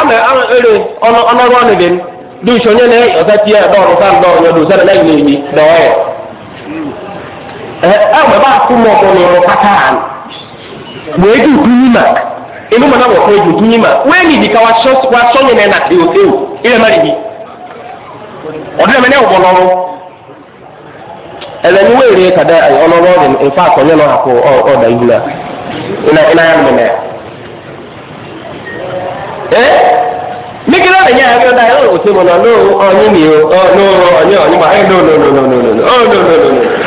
[SPEAKER 1] ọ̀nọ́rọ̀ ọ̀nà bẹ́ẹ̀ ni bí ìṣòyìn ní ọ̀sẹ̀ tiẹ̀ dọ́ọ̀rùn sáà dọ́ọ̀rùn ọ̀dọ̀ sẹ́ni lẹ́yìn ní ìyí dọ́ọ̀ ẹwẹ bá kú mọ ọmọ lọrọ pátá àná wèé dùn kú yín mà inú mọ náà wọ̀ fún ẹ̀dùn kú yín mà wẹ́ẹ̀ ní ìdíkà wa sọ yín náà nàkè òkè o ilẹ̀ má nìyí ọ̀dọ́ ẹ̀mẹ́ náà wọ̀ lọ́rọ́ ẹ̀rẹ̀ ni wẹ́ẹ̀rẹ̀ kàdá ọlọ́rọ́ ọ̀dẹ̀ nfa àkọ́nyẹ́ náà àkọ́ ọ̀dà yìí náà iná iná yà mọ̀mẹ́ ẹ̀ mikiri ọ̀dẹ̀ yẹn àgbẹ̀ ọ̀dà yẹn ọ̀dẹ̀ òsè mọ̀ náà ọ̀nyẹ́ mi ọ̀ ọ̀nyẹ́ ọ̀nyẹ́ mọ̀ ẹ̀ nọ̀ nọ̀ nọ̀ nọ̀ nọ̀ nọ̀ nọ̀ nọ̀ nọ̀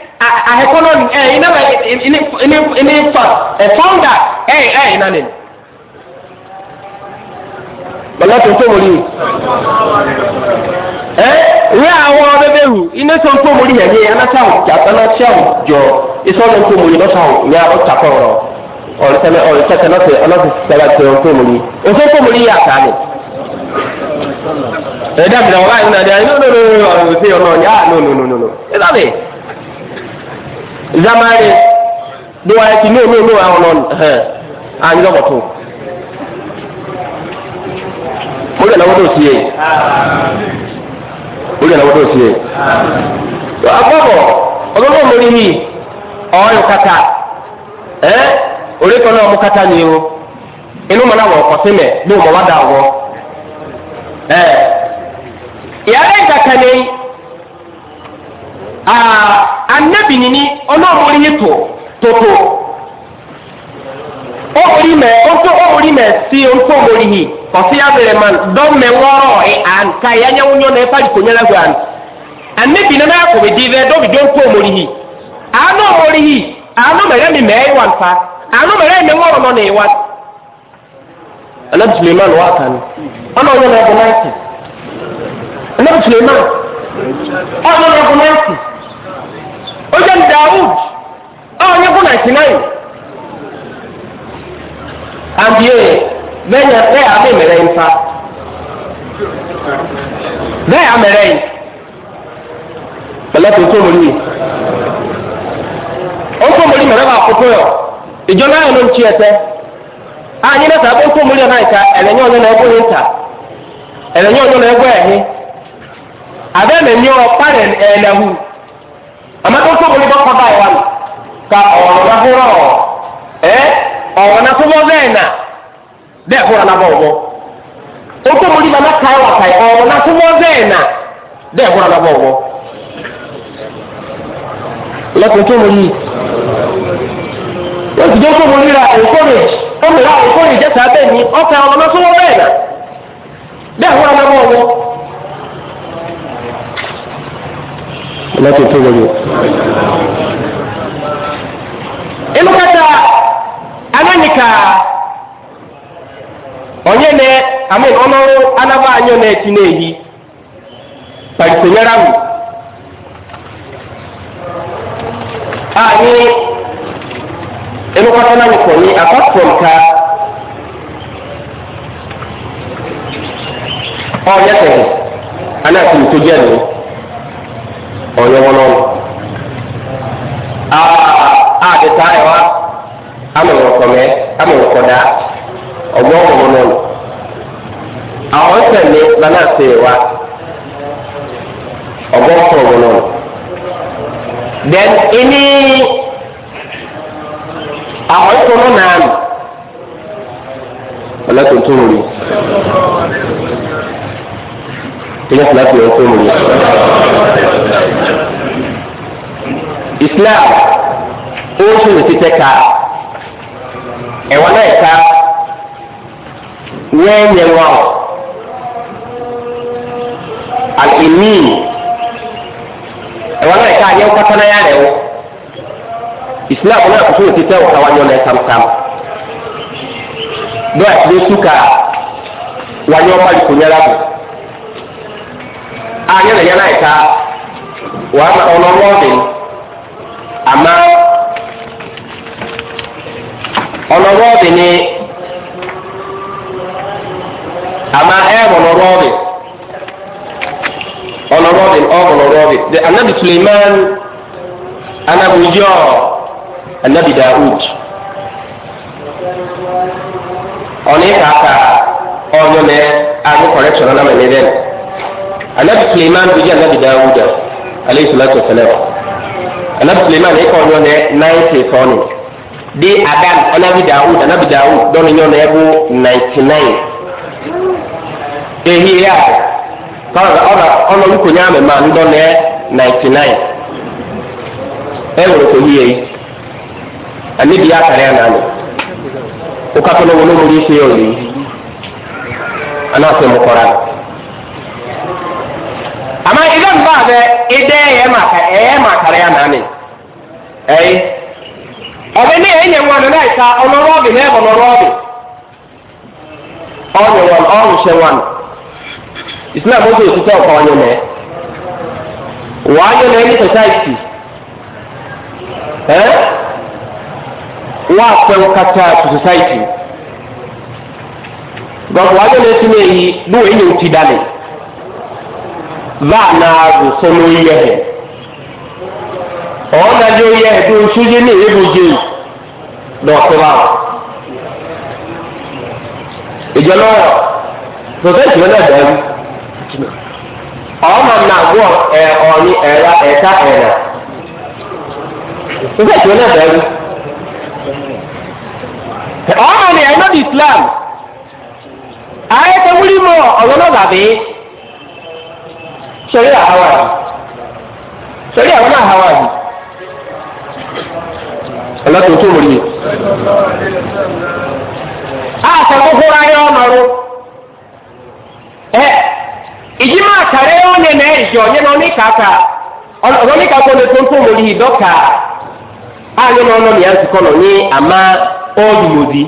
[SPEAKER 1] economy ẹ iná bẹ ní ní ní founder ẹ ẹ iná ni. bàbá tó ń tó mọ́lì ẹ rí àwọn bẹbẹ rù iná tó ń tó mọ́lì yẹn ní anásáwò anásáwò jọ iṣẹ́ ọ̀nà tó mọ́lì lọ́sàwò ní ọ̀tàkọ̀ ọ̀rọ̀ ọ̀rẹ́sẹ̀lẹ̀ ọ̀rẹ́sẹ̀kẹ̀ lọ́sẹ̀ ọlọ́sẹ̀ sẹ́lẹ̀ tó ń tó mọ́lì òfin tó mọ́lì yà kàá ni.
[SPEAKER 2] ẹ̀dá bìnnà wọ́n báyìí nínú àdé ayé nínú
[SPEAKER 1] ọ̀rọ̀ òsè ọ̀nà ọ̀yá nínú nínú nínú ẹ̀ zamare do wa ti no no no awon non eh ani lo to o le lawo do si e o le lawo do si e to apobo ọlọ́wọ́ mo rí mi ọ̀ọ́yọ̀ kata ẹ́ orí náà mo kata ni o inú mọ̀ náà wọ̀ ọ̀kọ̀ sí mẹ́ bí mo wá dà wọ́ ẹ́ ìyá rẹ̀ kàkà ni. anabi nini ọlọ́run orí yìí tó tótó mẹ ọtọ ó mẹ sí ọtọ orí yìí ọtí abẹrẹ man dọ́mẹ wọ́rọ̀ ẹ̀ àǹkà yà nyẹ́wó nyọ́ náà fàdí kò nyẹ́lá gbà anabi nana akọ̀wé di bẹ́ẹ̀ dọ́bi dọ́ ntọ́ orí yìí àánú orí yìí àánú mẹ̀rẹ́ mi mẹ́ẹ́ wà nfa àánú mẹ̀rẹ́ mi wọ́rọ̀ náà nà ó jẹ́ Dawud ọ̀hún yẹn fún ninety nine àbíyé bẹ́ẹ̀ yẹn bẹ́ẹ̀ àmì mẹ́rẹ́ yìí fa bẹ́ẹ̀ àmẹ́rẹ́ yìí pẹ̀lẹ́ tó tó mọ̀ níyì ó tó mọ̀ níyì mẹ́rẹ́ bá kótó yọ ìjọ náà ló ń tí ẹsẹ̀ anyi náà sábẹ́ tó mọ̀ níyì náà ìta ẹ̀lẹ́yìn ọ̀nà ẹ̀gbọ́ yìí ta ẹ̀lẹ́yìn ọ̀nà ẹ̀gbọ́ ẹ̀hín abẹ́mẹ̀mí ọ̀ pàrẹ̀ ẹ̀lẹ́hùn àmọ́ tó tó wọlé bá kọ́ báyìí wà ní ka ọ̀rọ̀ na fúnra ọ̀ ẹ́ na náà fúnra bẹ́ẹ̀ nà bẹ́ẹ̀ fúnra náà bọ̀ ó tó wọlé bá má ka ẹwà ka ọ̀rọ̀ náà fúnra bẹ́ẹ̀ nà bẹ́ẹ̀ fúnra náà bọ̀ wọ́ lọ́kùn tó wọlé ó ti dé tó wọlé ra ìkórè ó lè ra ìkórè jẹ́ta bẹ́ẹ̀ ni ọ̀ka ọ̀rọ̀ náà fúnra bẹ́ẹ̀ nà bẹ́ẹ̀ fúnra náà bọ̀ wọ́.
[SPEAKER 2] láti tó wọlé. inú kata
[SPEAKER 1] ananyika onye na amin ọnọrụ anaba anyọ na-eti na-eyi kpalitere ahụ anyị
[SPEAKER 2] inú kata ananyika onye apart from ka
[SPEAKER 1] ọ nyefere anaghị m tó jẹ́ nù ọyọ wọn lọ. Ah, ah, a ti ta ẹ wa ama wọn kọ mẹ ama wọn kọ da ọgbọ wọn lọ nù. àwọn sẹni lana ṣe wa ọgbọ kọ wọn lọ nù. then ini àwọn sọ̀rọ̀ náà nù. ọlọ́tún tó wọlé ilé ìfúláṣí ọ̀ tó wòye. Islam ó ṣòro ti tẹ́ka ẹ̀wọ̀n náà ká wẹ́ẹ́ yẹn wọ́n àìní ẹ̀wọ̀n náà ká yẹn kọ́tọ́ náà yá rẹ̀ wọ́n Islam náà kò ṣòro ti tẹ́ ọ̀ka wájú ọ̀nà ẹ̀sàmùsàmù bẹ́ẹ̀ ló túkà wájú ọ̀pá ìkòyẹ́rà bò anyana nyana ita wama ɔno ɔmɔden ama ɔno ɔmɔden ni ama ɛɛmɔ no ɔmɔden ɔno ɔmɔden ɔmɔ no ɔmɔden de anabi suleiman anabi yɔ anabi daoud ɔne kaka ɔnyɔ nɛ agbe kɔrɛ tɔnɔ na mɛ ne bɛ no anabi suleiman bi jẹ anabi dawuda alayhi salatu wa salam anabi suleiman ekɔ nyɔnɛ ninety tɔni di adam anabi dawud anabi dawud dɔni nyɔnɛ bu ninety nine ehi ya kɔlɔ ɔlɔ ɔlɔ nuko nyame ma ndɔnɛ ninety nine ɛwɔ ko yie anabi ya kare anani o kakɔlɔ wolo mo di se yɔ le ana fɛ mo kɔra amma idan ba ga idan ya maka e ya maka ya nani eh ọbẹ ní ẹyẹ wọn náà ìka ọlọrọbì náà ọlọrọbì ọnyẹ wọn ọrùnṣẹ wọn islam ó ti ètùtù ọkọ ọnyẹ náà wọ́n á yẹ náà ní society ẹ́ eh? wọ́n á fẹ́ wọn kata to society gbọ̀ngàn wọ́n á yẹ náà tún èyí lóòóyè ní òtí dalẹ̀ baanaagu sɔn'o yɛhɛ ɔɔnadi o yɛhɛ do sojɛ ne ebo je dɔkura ìjọba protect yẹn náà dàrú ɔɔma nàgbọ ɛ ɔni ɛra ɛta ɛna
[SPEAKER 2] protect yẹn náà dàrú
[SPEAKER 1] ɔɔma ni ɛnɔ di islam ayẹtẹ wúlímọ ọ̀rọ̀ bàbí sheria hawaii sheria wọn náà hawaii ẹlẹ́tọ̀ tó wòlíì. àṣà kókó ráyé ọmọrú ẹ ìjìmọ̀ àkàrẹ́ ọ̀nyẹ̀ náà ẹ̀ṣẹ̀ ọ̀nyẹ̀ náà oníkàkà oníkàkà ọ̀nà tó ń tó wòlíì dọ́kà ààyè náà ọ̀nà mìíràn ti kọ́ nọ ní àmà ọ́ọ̀dù yòdì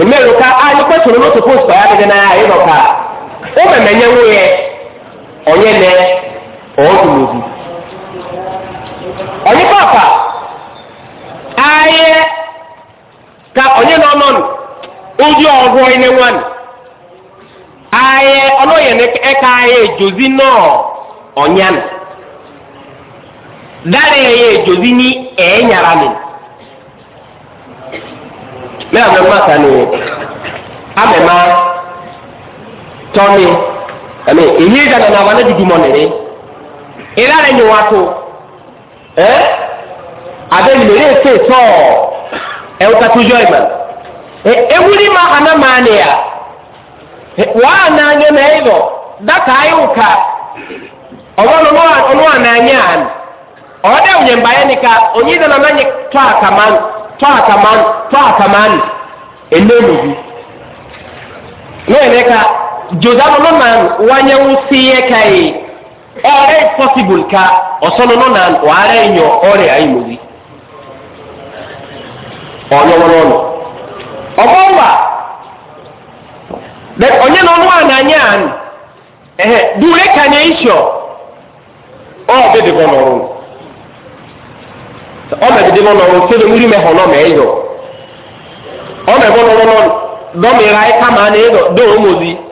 [SPEAKER 1] èmi èrò ká ààyè pẹ̀tùrù ló ti fún ìsọ̀yà dídẹ́ náà ayé dọ́kà ó mẹ̀mẹ̀ nyẹ́wó yẹ. onye na obi onye papa ahịa ka onye nọ n'ọnụ ụdị ọgụ onye nwanị ahịa ọnụghị na-eka ahịa ejozi nọ dáre ẹyẹ ìjòzí ní ẹ̀ẹ́nyàrá mi. mẹ́rin àwọn ọmọ àtàlù amẹ̀má ale eyi gana na wana di dumɔ nere ila le nye wato ɛ abe lere se tɔ ɛwɔ ka tujɔ yi ma ɛ ewuli ma ana maa ne ya waa na nye na yi lɔ data ayi wo ka ɔwɔ no no ɔno ana nye ani ɔwɔ dɛ onye mba yɛ nika onye gana na nye tɔ akaman tɔ akaman tɔ akaman ene mu bi ne yɛ ne jodano no nan wanya wusiye kai ore possible ka osono no nan ware nyo ore ayi muzi onyo wono no obomba de onye no no ananya an eh dure kanye isho o be de bonoro o me de bonoro se de muri me hono me yo o me bonoro no do mi rai e kama ne do muzi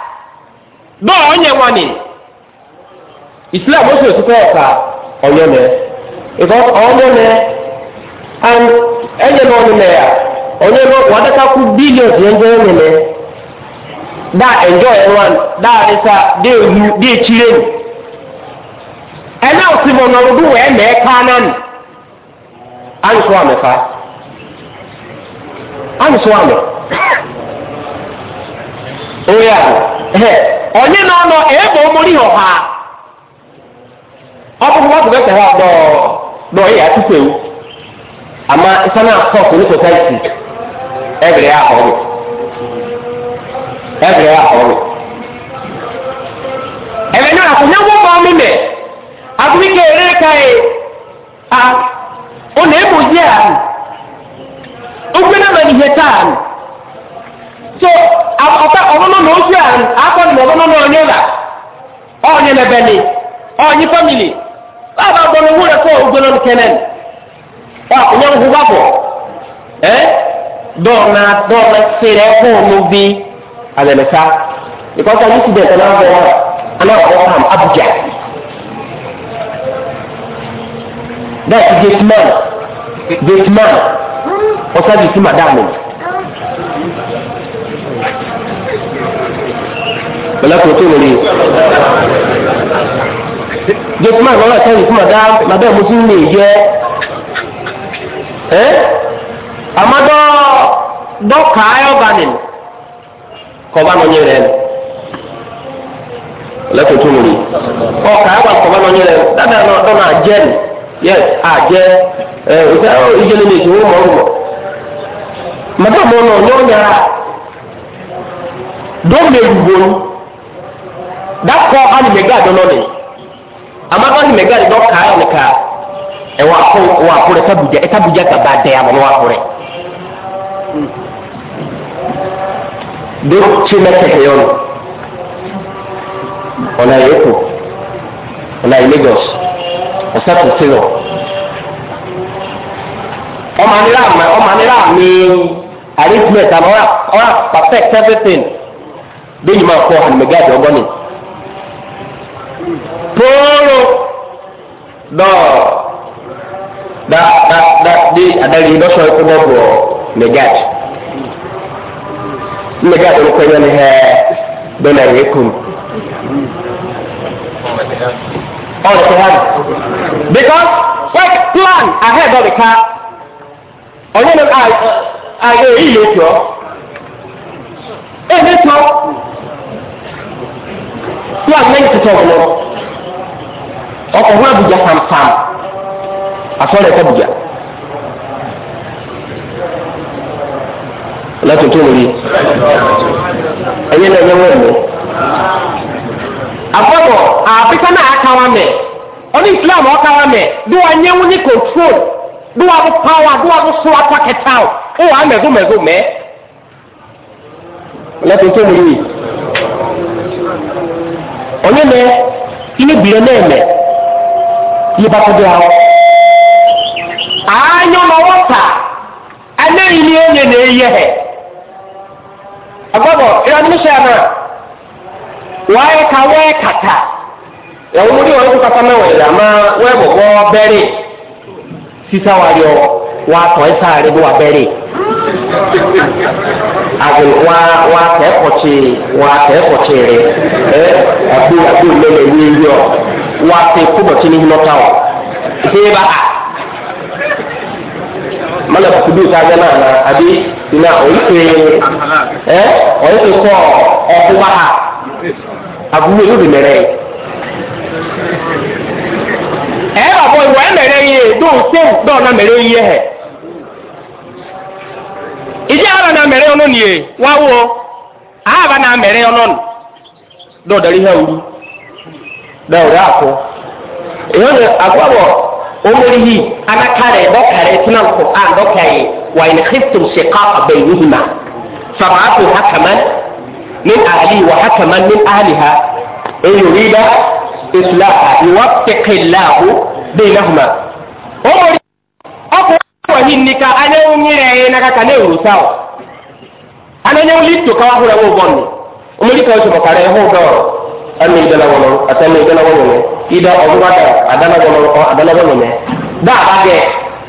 [SPEAKER 1] dɔɔ ɔnyɛ wani islam o sɛ sukuu ɔka ɔnyɛ mɛ because ɔnyɛ mɛ and ɛnyɛ mɛ ɔnyɛ mɛ a ɔnyɛ mɛ wadaka ku billions yɛn jɛ ɔnyɛ mɛ daa enjoy ɛwan daa adisa dee hu dee kyire mu ɛna osi mo nɔrodo wɛ mɛ kaa nan anso anso amɛ. oya onye na-anọ ebe omori ọha ọkụkụ ọkụ bẹsẹ ha dọ dọ ya tupu ewu ama ịsa e e e na akọkụ ní sosaiti ẹbìrì ya ọrụ ẹbìrì ya ọrụ ẹbẹ náà akwụnyẹ ngwọgbọ ọmụmẹ akwụnyẹ ere ka ị a ọ na-ebo ji ahụ ụkwụ na-ama n'ihe taa ahụ so ọta ọmụmụ na ozi a akọ na ọmụmụ na onye onye na ebele onye famili baba gbọrọ owó rẹ kọ ogbolo nkene ọ nye nkwu gbapọ ẹ e, dọọna dọọna sèrè ẹkọ ọmụ bi alẹmẹta anyị si ọkọ abuja that's gate man gate man
[SPEAKER 2] ọsọ madam. wala ko to wuri je kuma ba ta ni kuma da ma da mutum ne je
[SPEAKER 1] eh ama do do kayo banin ko ba no nyere wala ko to wuri ko kayo ba ko ba no nyere da da no do na je yes a je eh o ta o ijele ni jo mo dakɔ hali mɛga dɔ nɔ ne
[SPEAKER 2] ama hali mɛga dɔ kaa yɛ ne ka
[SPEAKER 1] ɛwɔ akɔ ɛwɔ akɔ ɛta buja ɛta e buja ka ba dɛ amɔ n'akɔ rɛ do tsi mɛ tɛtɛ yɔ no ɔna yɛ e ko ɔna yɛ e lagos ɔsa tó ti lɔ ɔma nira ama ɔma nira ami arrangement ama ɔra ɔra perfect everything bẹ́ẹ̀ ni ma kọ́ hali mɛga dɔ gbɔ ne poro do da da da di adari do so ko bobo le gat le gat do ko yone he do na kum all the plan because what plan ahead of the car onye no i i e ile to e ne to tí a mẹ́rin tuntun ọ̀gbìn lọ ọkọ̀ fún Abuja pampam asọ́rọ̀ ẹ̀kọ́ Abuja láti tó lórí ẹ̀yẹ́ náà ẹ̀yẹ́ wọ̀nyí. àbọ̀bọ̀ àfikà náà akáwa mẹ́ ọ́nà Islam ọ̀káwa mẹ́ bí wọ́n nyẹ́ wọ́n ní control bí wọ́n bó power bí wọ́n bó so apá kẹta ó wà á mẹ́gùn mẹ́gùn mẹ́ láti tó lórí onyeme ihe bie na-eme ihe bakọdo ahụ anya ma nwata anaghị na enye na eyi ehe agbọbọ ịra mmesha ya na wee ka wee kata ẹ̀wọ̀n mo ní wọn kúkà sámẹ́ wọ̀ ẹ̀dá máa wọ́n ẹ̀bọ̀ bọ́ bẹ́rẹ̀ sísáwárí ọ wọ́n atọ̀ ẹ̀ sáré Beri àgbẹ̀ wa wa kẹ́kọ̀ọ́tì wa kẹ́kọ̀ọ́tì rẹ̀ ẹ àgbo àgbo lẹ́lẹ̀ wí rí ọ wa fẹ́ kúbọ̀tì ní hinọ́ta ọ ìfẹ́ bá a mana kudu ta gana na abi ina oyike ɛ oyike kɔ ɔkò bá a àbúrò yóò di mẹrẹ yìí ẹ bàbá ìwà ẹ mẹrẹ yìí dóò sẹ́wù dóò náà mẹrẹ yìí yẹ ije aba na mere ono nie wawo aba na mere ono do dari ha uru da ore ako eyo ne akwabo omerihi ana kare bo kare tunan ko an do kai wa in khiftum shiqaqa bainihima fa'atu hakaman min ahli wa hakaman min ahliha in e yurida islaha yuwaffiqillahu bainahuma omerihi ako ko hinni ka ane ngire na ka kane urusao ane ne ulitto ka wahura wo bonni umuri ka usho kare ho do ane idala wono atane idala wono ida obuga da adala wono ko adala wono ne da bage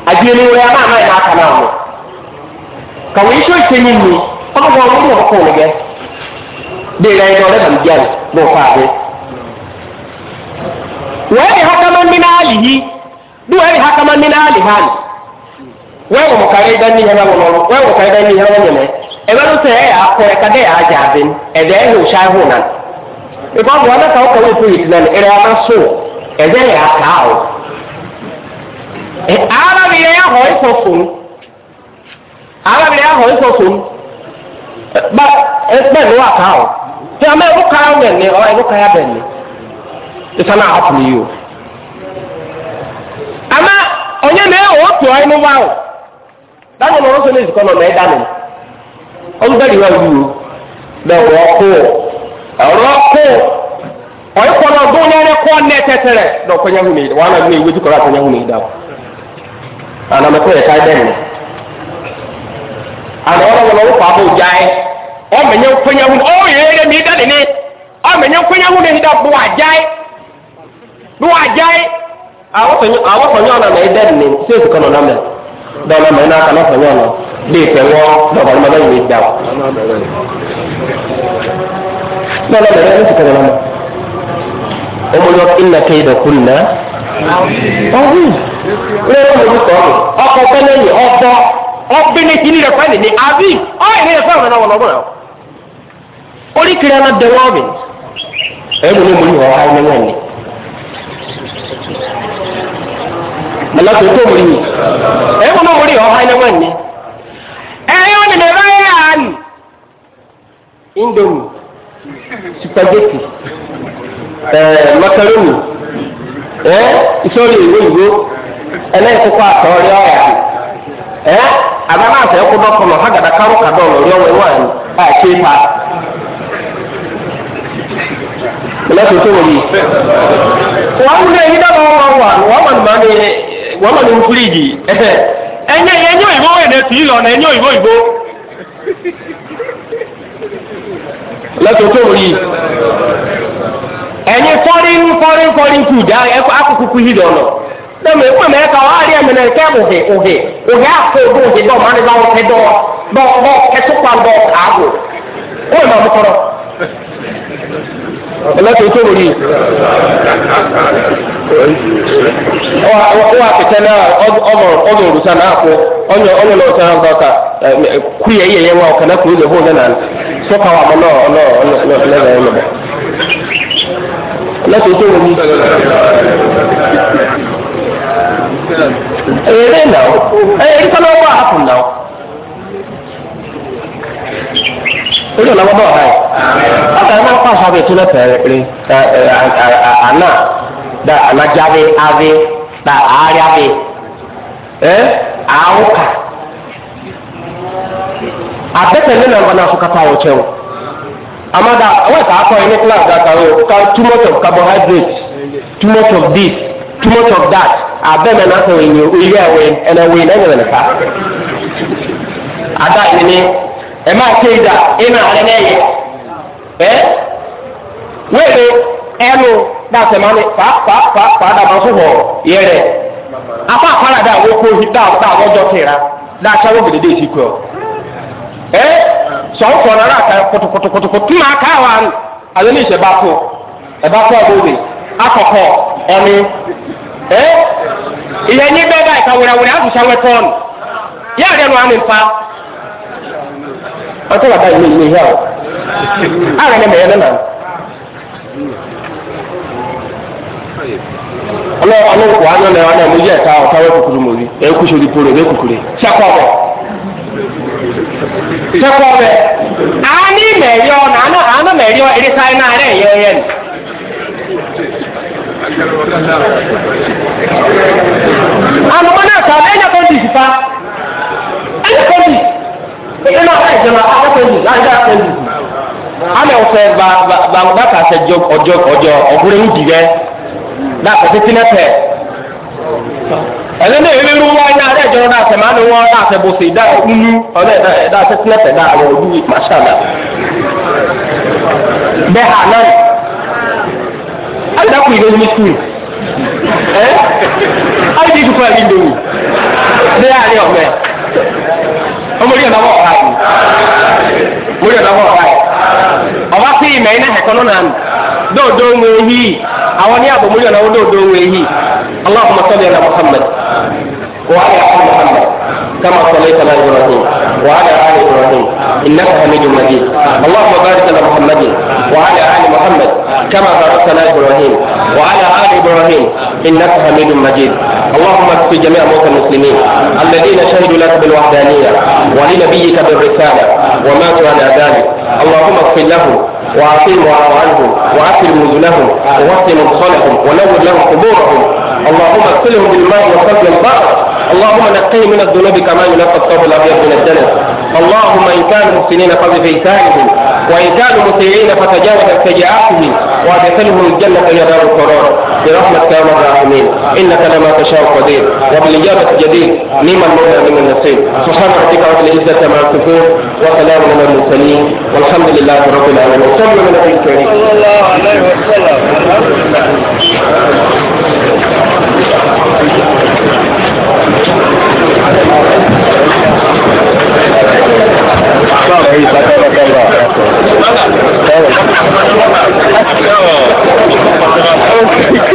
[SPEAKER 1] ajini wo ya ma ma e na kana mo ka wi sho chenyi ni ko go wo ko ko ge de ga ido le bi jan bo fa be wa e ni hakaman min alihi duwa e ni hakaman min alihani wẹ́wọ̀ mọ̀kàrí dání yẹn náà wọ̀nọ̀ wẹ́wọ̀ mọ̀kàrí dání yẹn náà wọ̀nyẹ̀ mẹ́ ẹ̀bẹ́ ló sẹ ẹ̀ yà akọ ẹ̀ka dẹ́ yà ájà abẹ́m ẹ̀dẹ́ ẹ̀ hùwù sáyé hùwù náà ìgbà wọn náà kàwé kàwé fún yìí náà ẹ̀rẹ́ ọmọ sọ ẹ̀dẹ́ yà áká o arábìnrin yà họ̀ ẹ̀kọ́ fún arábìnrin yà họ̀ ẹ̀kọ́ fún bá ẹgbẹ́ mi wà ká o tí a máa ẹ̀rú ká ọ̀ mẹ́ni ọ̀ ẹ̀rú ká yà bẹ́ni ìsànà àpò yìí o àmà ọ̀nyẹ́ mi ẹ̀ wọ́n tó ẹ̀ ní wá o táwọn ọmọ wọn sọ léèsì kọ́ lọ́nà ẹ̀ dànù ọlùbẹ́rì wa wù ú lọ́wọ́ kó ọ̀rọ̀ kó ọ̀yẹ́kọ́ náà gbọ́n lọ́rọ́ kọ́ ní ẹ̀tẹ̀tẹ̀rẹ̀ lọ́kọ́ yẹn hùn ní ìdá wàhálà ní ìwé jù kọ́ra àtẹ̀yẹ hùn ní ìdá ànàmọ́tò ẹ̀ka ẹ̀dẹ́nu ànàmọ́tò lọ́wọ́ fà á bò já ẹ ọmọnyẹ nkwanya hu ọyẹ yẹ mi da nini ọmọnyẹ nkwanya hu nini da bu agyae bu agyae awọsọnyọ awọsọnyọ ọna na ẹda nini sèso kan dɔwɔlɔ mɛ n'a kana fɔ ɲɔgɔn na de fɛ wɔ dɔwɔlɔ mɛ n'o ye da o dɔwɔlɔ mɛ n'a ti tɛmɛ na o mo yɔ ina kɛ dɔ kun na ɔbi ne
[SPEAKER 2] yɛrɛ mo bi sɔn o ɔkɔ fɛnɛ ni
[SPEAKER 1] ɔkɔ ɔbɛnɛ kini yɛrɛ fɛnɛ ni abi ɔyɛ ne yɛrɛ fɛnɛ na wɔlɔ bɔlɔ ori kiri ana dɛwɔ mi ɛ mo ni mo ni wɔ ayi ne ŋa Allah to to muri e mo muri ho hay na wanni e yo ne ne rayan indomi spaghetti eh macaroni eh isori ìwé ìwé ẹlẹ́kọ̀ọ́ àtọ̀rí ọ̀rọ̀ àti eh àbámá àti ẹ̀kọ́ bọ́kọ̀ lọ hàgàdà kárùkà dọ̀ọ̀lù rí ọwọ́ ìwà ni àti ìta Allah to to muri wọ́n ń lé yín dábàá wọn wà wọ́n mọ̀ nígbà ní wọ́n mọ̀ ní fúríjì ẹ̀yẹ ẹ̀yẹ òyìnbó ẹ̀dẹ̀ tì í lọ́nà ẹ̀yẹ òyìnbó òyìnbó. lọ́tọ̀ tó rí ẹ̀yin fọ́rin fọ́rin fọ́rin kù dá ẹ̀kọ́ akókò kú yìí lọ́nà dọ́mọ̀ èkó mẹ́ ká wá rí ẹ̀mẹ́lẹ̀ kẹ́ òhè òhè òhè àpò òhè òhè dọ́mọ̀ àni bá wọn kẹ́ dọ́ bọ́ bọ́ kẹ́tùpá bọ́ ààbò ó ì
[SPEAKER 2] ẹlẹ́tọ̀ tó rí wa kẹkẹ náà ọmọ ọmọ òrùsà náà
[SPEAKER 1] kó ọnyọ ọmọ náà ọsàn àgbà ọkà kúyẹ yẹyẹ wa ọkà náà kúrò lẹhùn náà sọkà wà mọ náà ọlọ ọlọ lẹbẹ ẹlẹbẹ ẹlẹ́tọ̀ tó rí ẹyẹ náà ẹyẹ kí sọlá wà á fún náà. orí ọ̀nà bọ́bọ̀ ọ̀hán yìí ọ̀tá iná pa aṣọ abẹ́tú náà pẹ̀lẹ́ àná da anajabe ave da ariabe ẹ àwòkà abẹ́tẹ̀ nínú àwọn afọkàtà àwòkẹ́ o amada wọ́n ẹ̀ka akọ yìí ní class data o too much of carbohydrate too much of this too much of that abẹ́mẹ̀ náà sọ èyí ilé ẹ̀wẹ̀ ẹ̀nà ẹ̀wẹ̀ ẹ̀nà ẹ̀wẹ̀ nìka ada yìí ni ẹ máa ké ìdá iná alẹ́ lẹ́yìn ẹ wéèrè ẹnu dàtẹ̀ máa ní fàáfàáfàá dàbà sùhọ̀ yẹ rẹ̀ afa àfàràdà àwọn okó yìí dáa dáa lọ́jọ́ kẹra dáa sáwọ́ gèdèdè yìí kú ọ. ẹ sọ̀rọ̀ kọ̀ náírà kan kòtòkòtòkòtò tún máa ká wa àwọn oníṣẹ́ bá kú ẹ bá kú àgbo rè akọ̀kọ̀ ẹni ẹ ìyẹn ní bẹ́ẹ̀ báyìí ká wẹ̀rẹ̀wẹ̀rẹ̀ àtúnṣe àwọn ẹ̀kọ́ ọ̀nù yáà rẹ̀ nù
[SPEAKER 2] ọtí bàbá ìlú ìlú ìyá o
[SPEAKER 1] àwọn ẹni mẹyẹ nínà ọlọ́wọ́ ọlọ́wọ́ wà nínú ẹ̀wọ̀n náà mo yẹ ẹ̀ka ọ̀táwọ́ kúkúrú mo rí ẹ̀ kú sórí polo ẹ̀ kúkúrú sẹ́kọ̀ ọ̀bẹ sẹ́kọ̀ ọ̀bẹ àní mẹ̀yọ nàánú àánú mẹ̀yọ eré sáré náà rẹ̀ yẹ ẹ̀yẹ ni.
[SPEAKER 2] àlùmọ́ náà sọ̀rọ̀ ẹ̀yẹ kọ́
[SPEAKER 1] nínú àwọn ìjọba akọ́sẹ́jù láti àṣẹjù àmì ọ̀fẹ́ bàbá àṣẹjọ ọjọ́ ọjọ́ ọ̀gbọ́n ewu dìgẹ́ láti títí nẹ́tẹ̀ ẹni náà ríru wọn ní alẹ́ ìjọba náà tẹ̀ máa ń wọn láti bó ṣe dá nínú ọ̀lẹ́ ẹ̀dá títí nẹ́tẹ̀ dá àwọn olú ìpàṣàlà bẹ́ẹ̀ hà náà àdàkùn ìlú ní sùn ẹ́ àdìdí ìdúkọ̀ ẹ̀ ní ìdòwú bẹ́ẹ̀ àrí ọ̀gbẹ́ omori ọ̀nà wọ̀ ọ̀hà yìí omori ọ̀nà wọ̀ ọ̀hà yìí ọba sí ìmẹ̀ iná ẹ̀kọ́ náà nù dóòdó ń wẹ̀ yìí àwọn ní àbòmori ọ̀nà wọ̀ dóòdó ń wẹ̀ yìí aláàfọ̀mọ́sọ́lẹ̀ ọ̀nà muhammed wàhálà ọ̀nà muhammed. كما صليت على ابراهيم وعلى ال ابراهيم انك حميد مجيد اللهم بارك على محمد وعلى ال محمد كما باركت على ابراهيم وعلى ال ابراهيم انك حميد مجيد اللهم اكف جميع موتى المسلمين الذين شهدوا لك بالوحدانيه ولنبيك بالرساله وماتوا على ذلك اللهم اغفر لهم واعطهم واعطهم وأكرم نزلهم ووطن مصالحهم ونور لهم قبورهم اللهم اغسلهم بالماء وفضل البر اللهم نقيهم من الذنوب كما ينقى الثوب الأبيض من الدنس اللهم إن كانوا محسنين فضل في سائرهم وإن كانوا مطيعين فتجاوز سيئاتهم وادخلهم الجنة يا دار القرار برحمتك يا رب العالمين إنك لما تشاء قدير وبالإجابة الجديد نعم مولى من نعم النصير سبحان ربك رب العزة مع يصفون وسلام على المرسلين والحمد لله رب العالمين قول النبي الكريم صلى الله عليه وسلم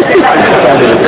[SPEAKER 1] Thank you.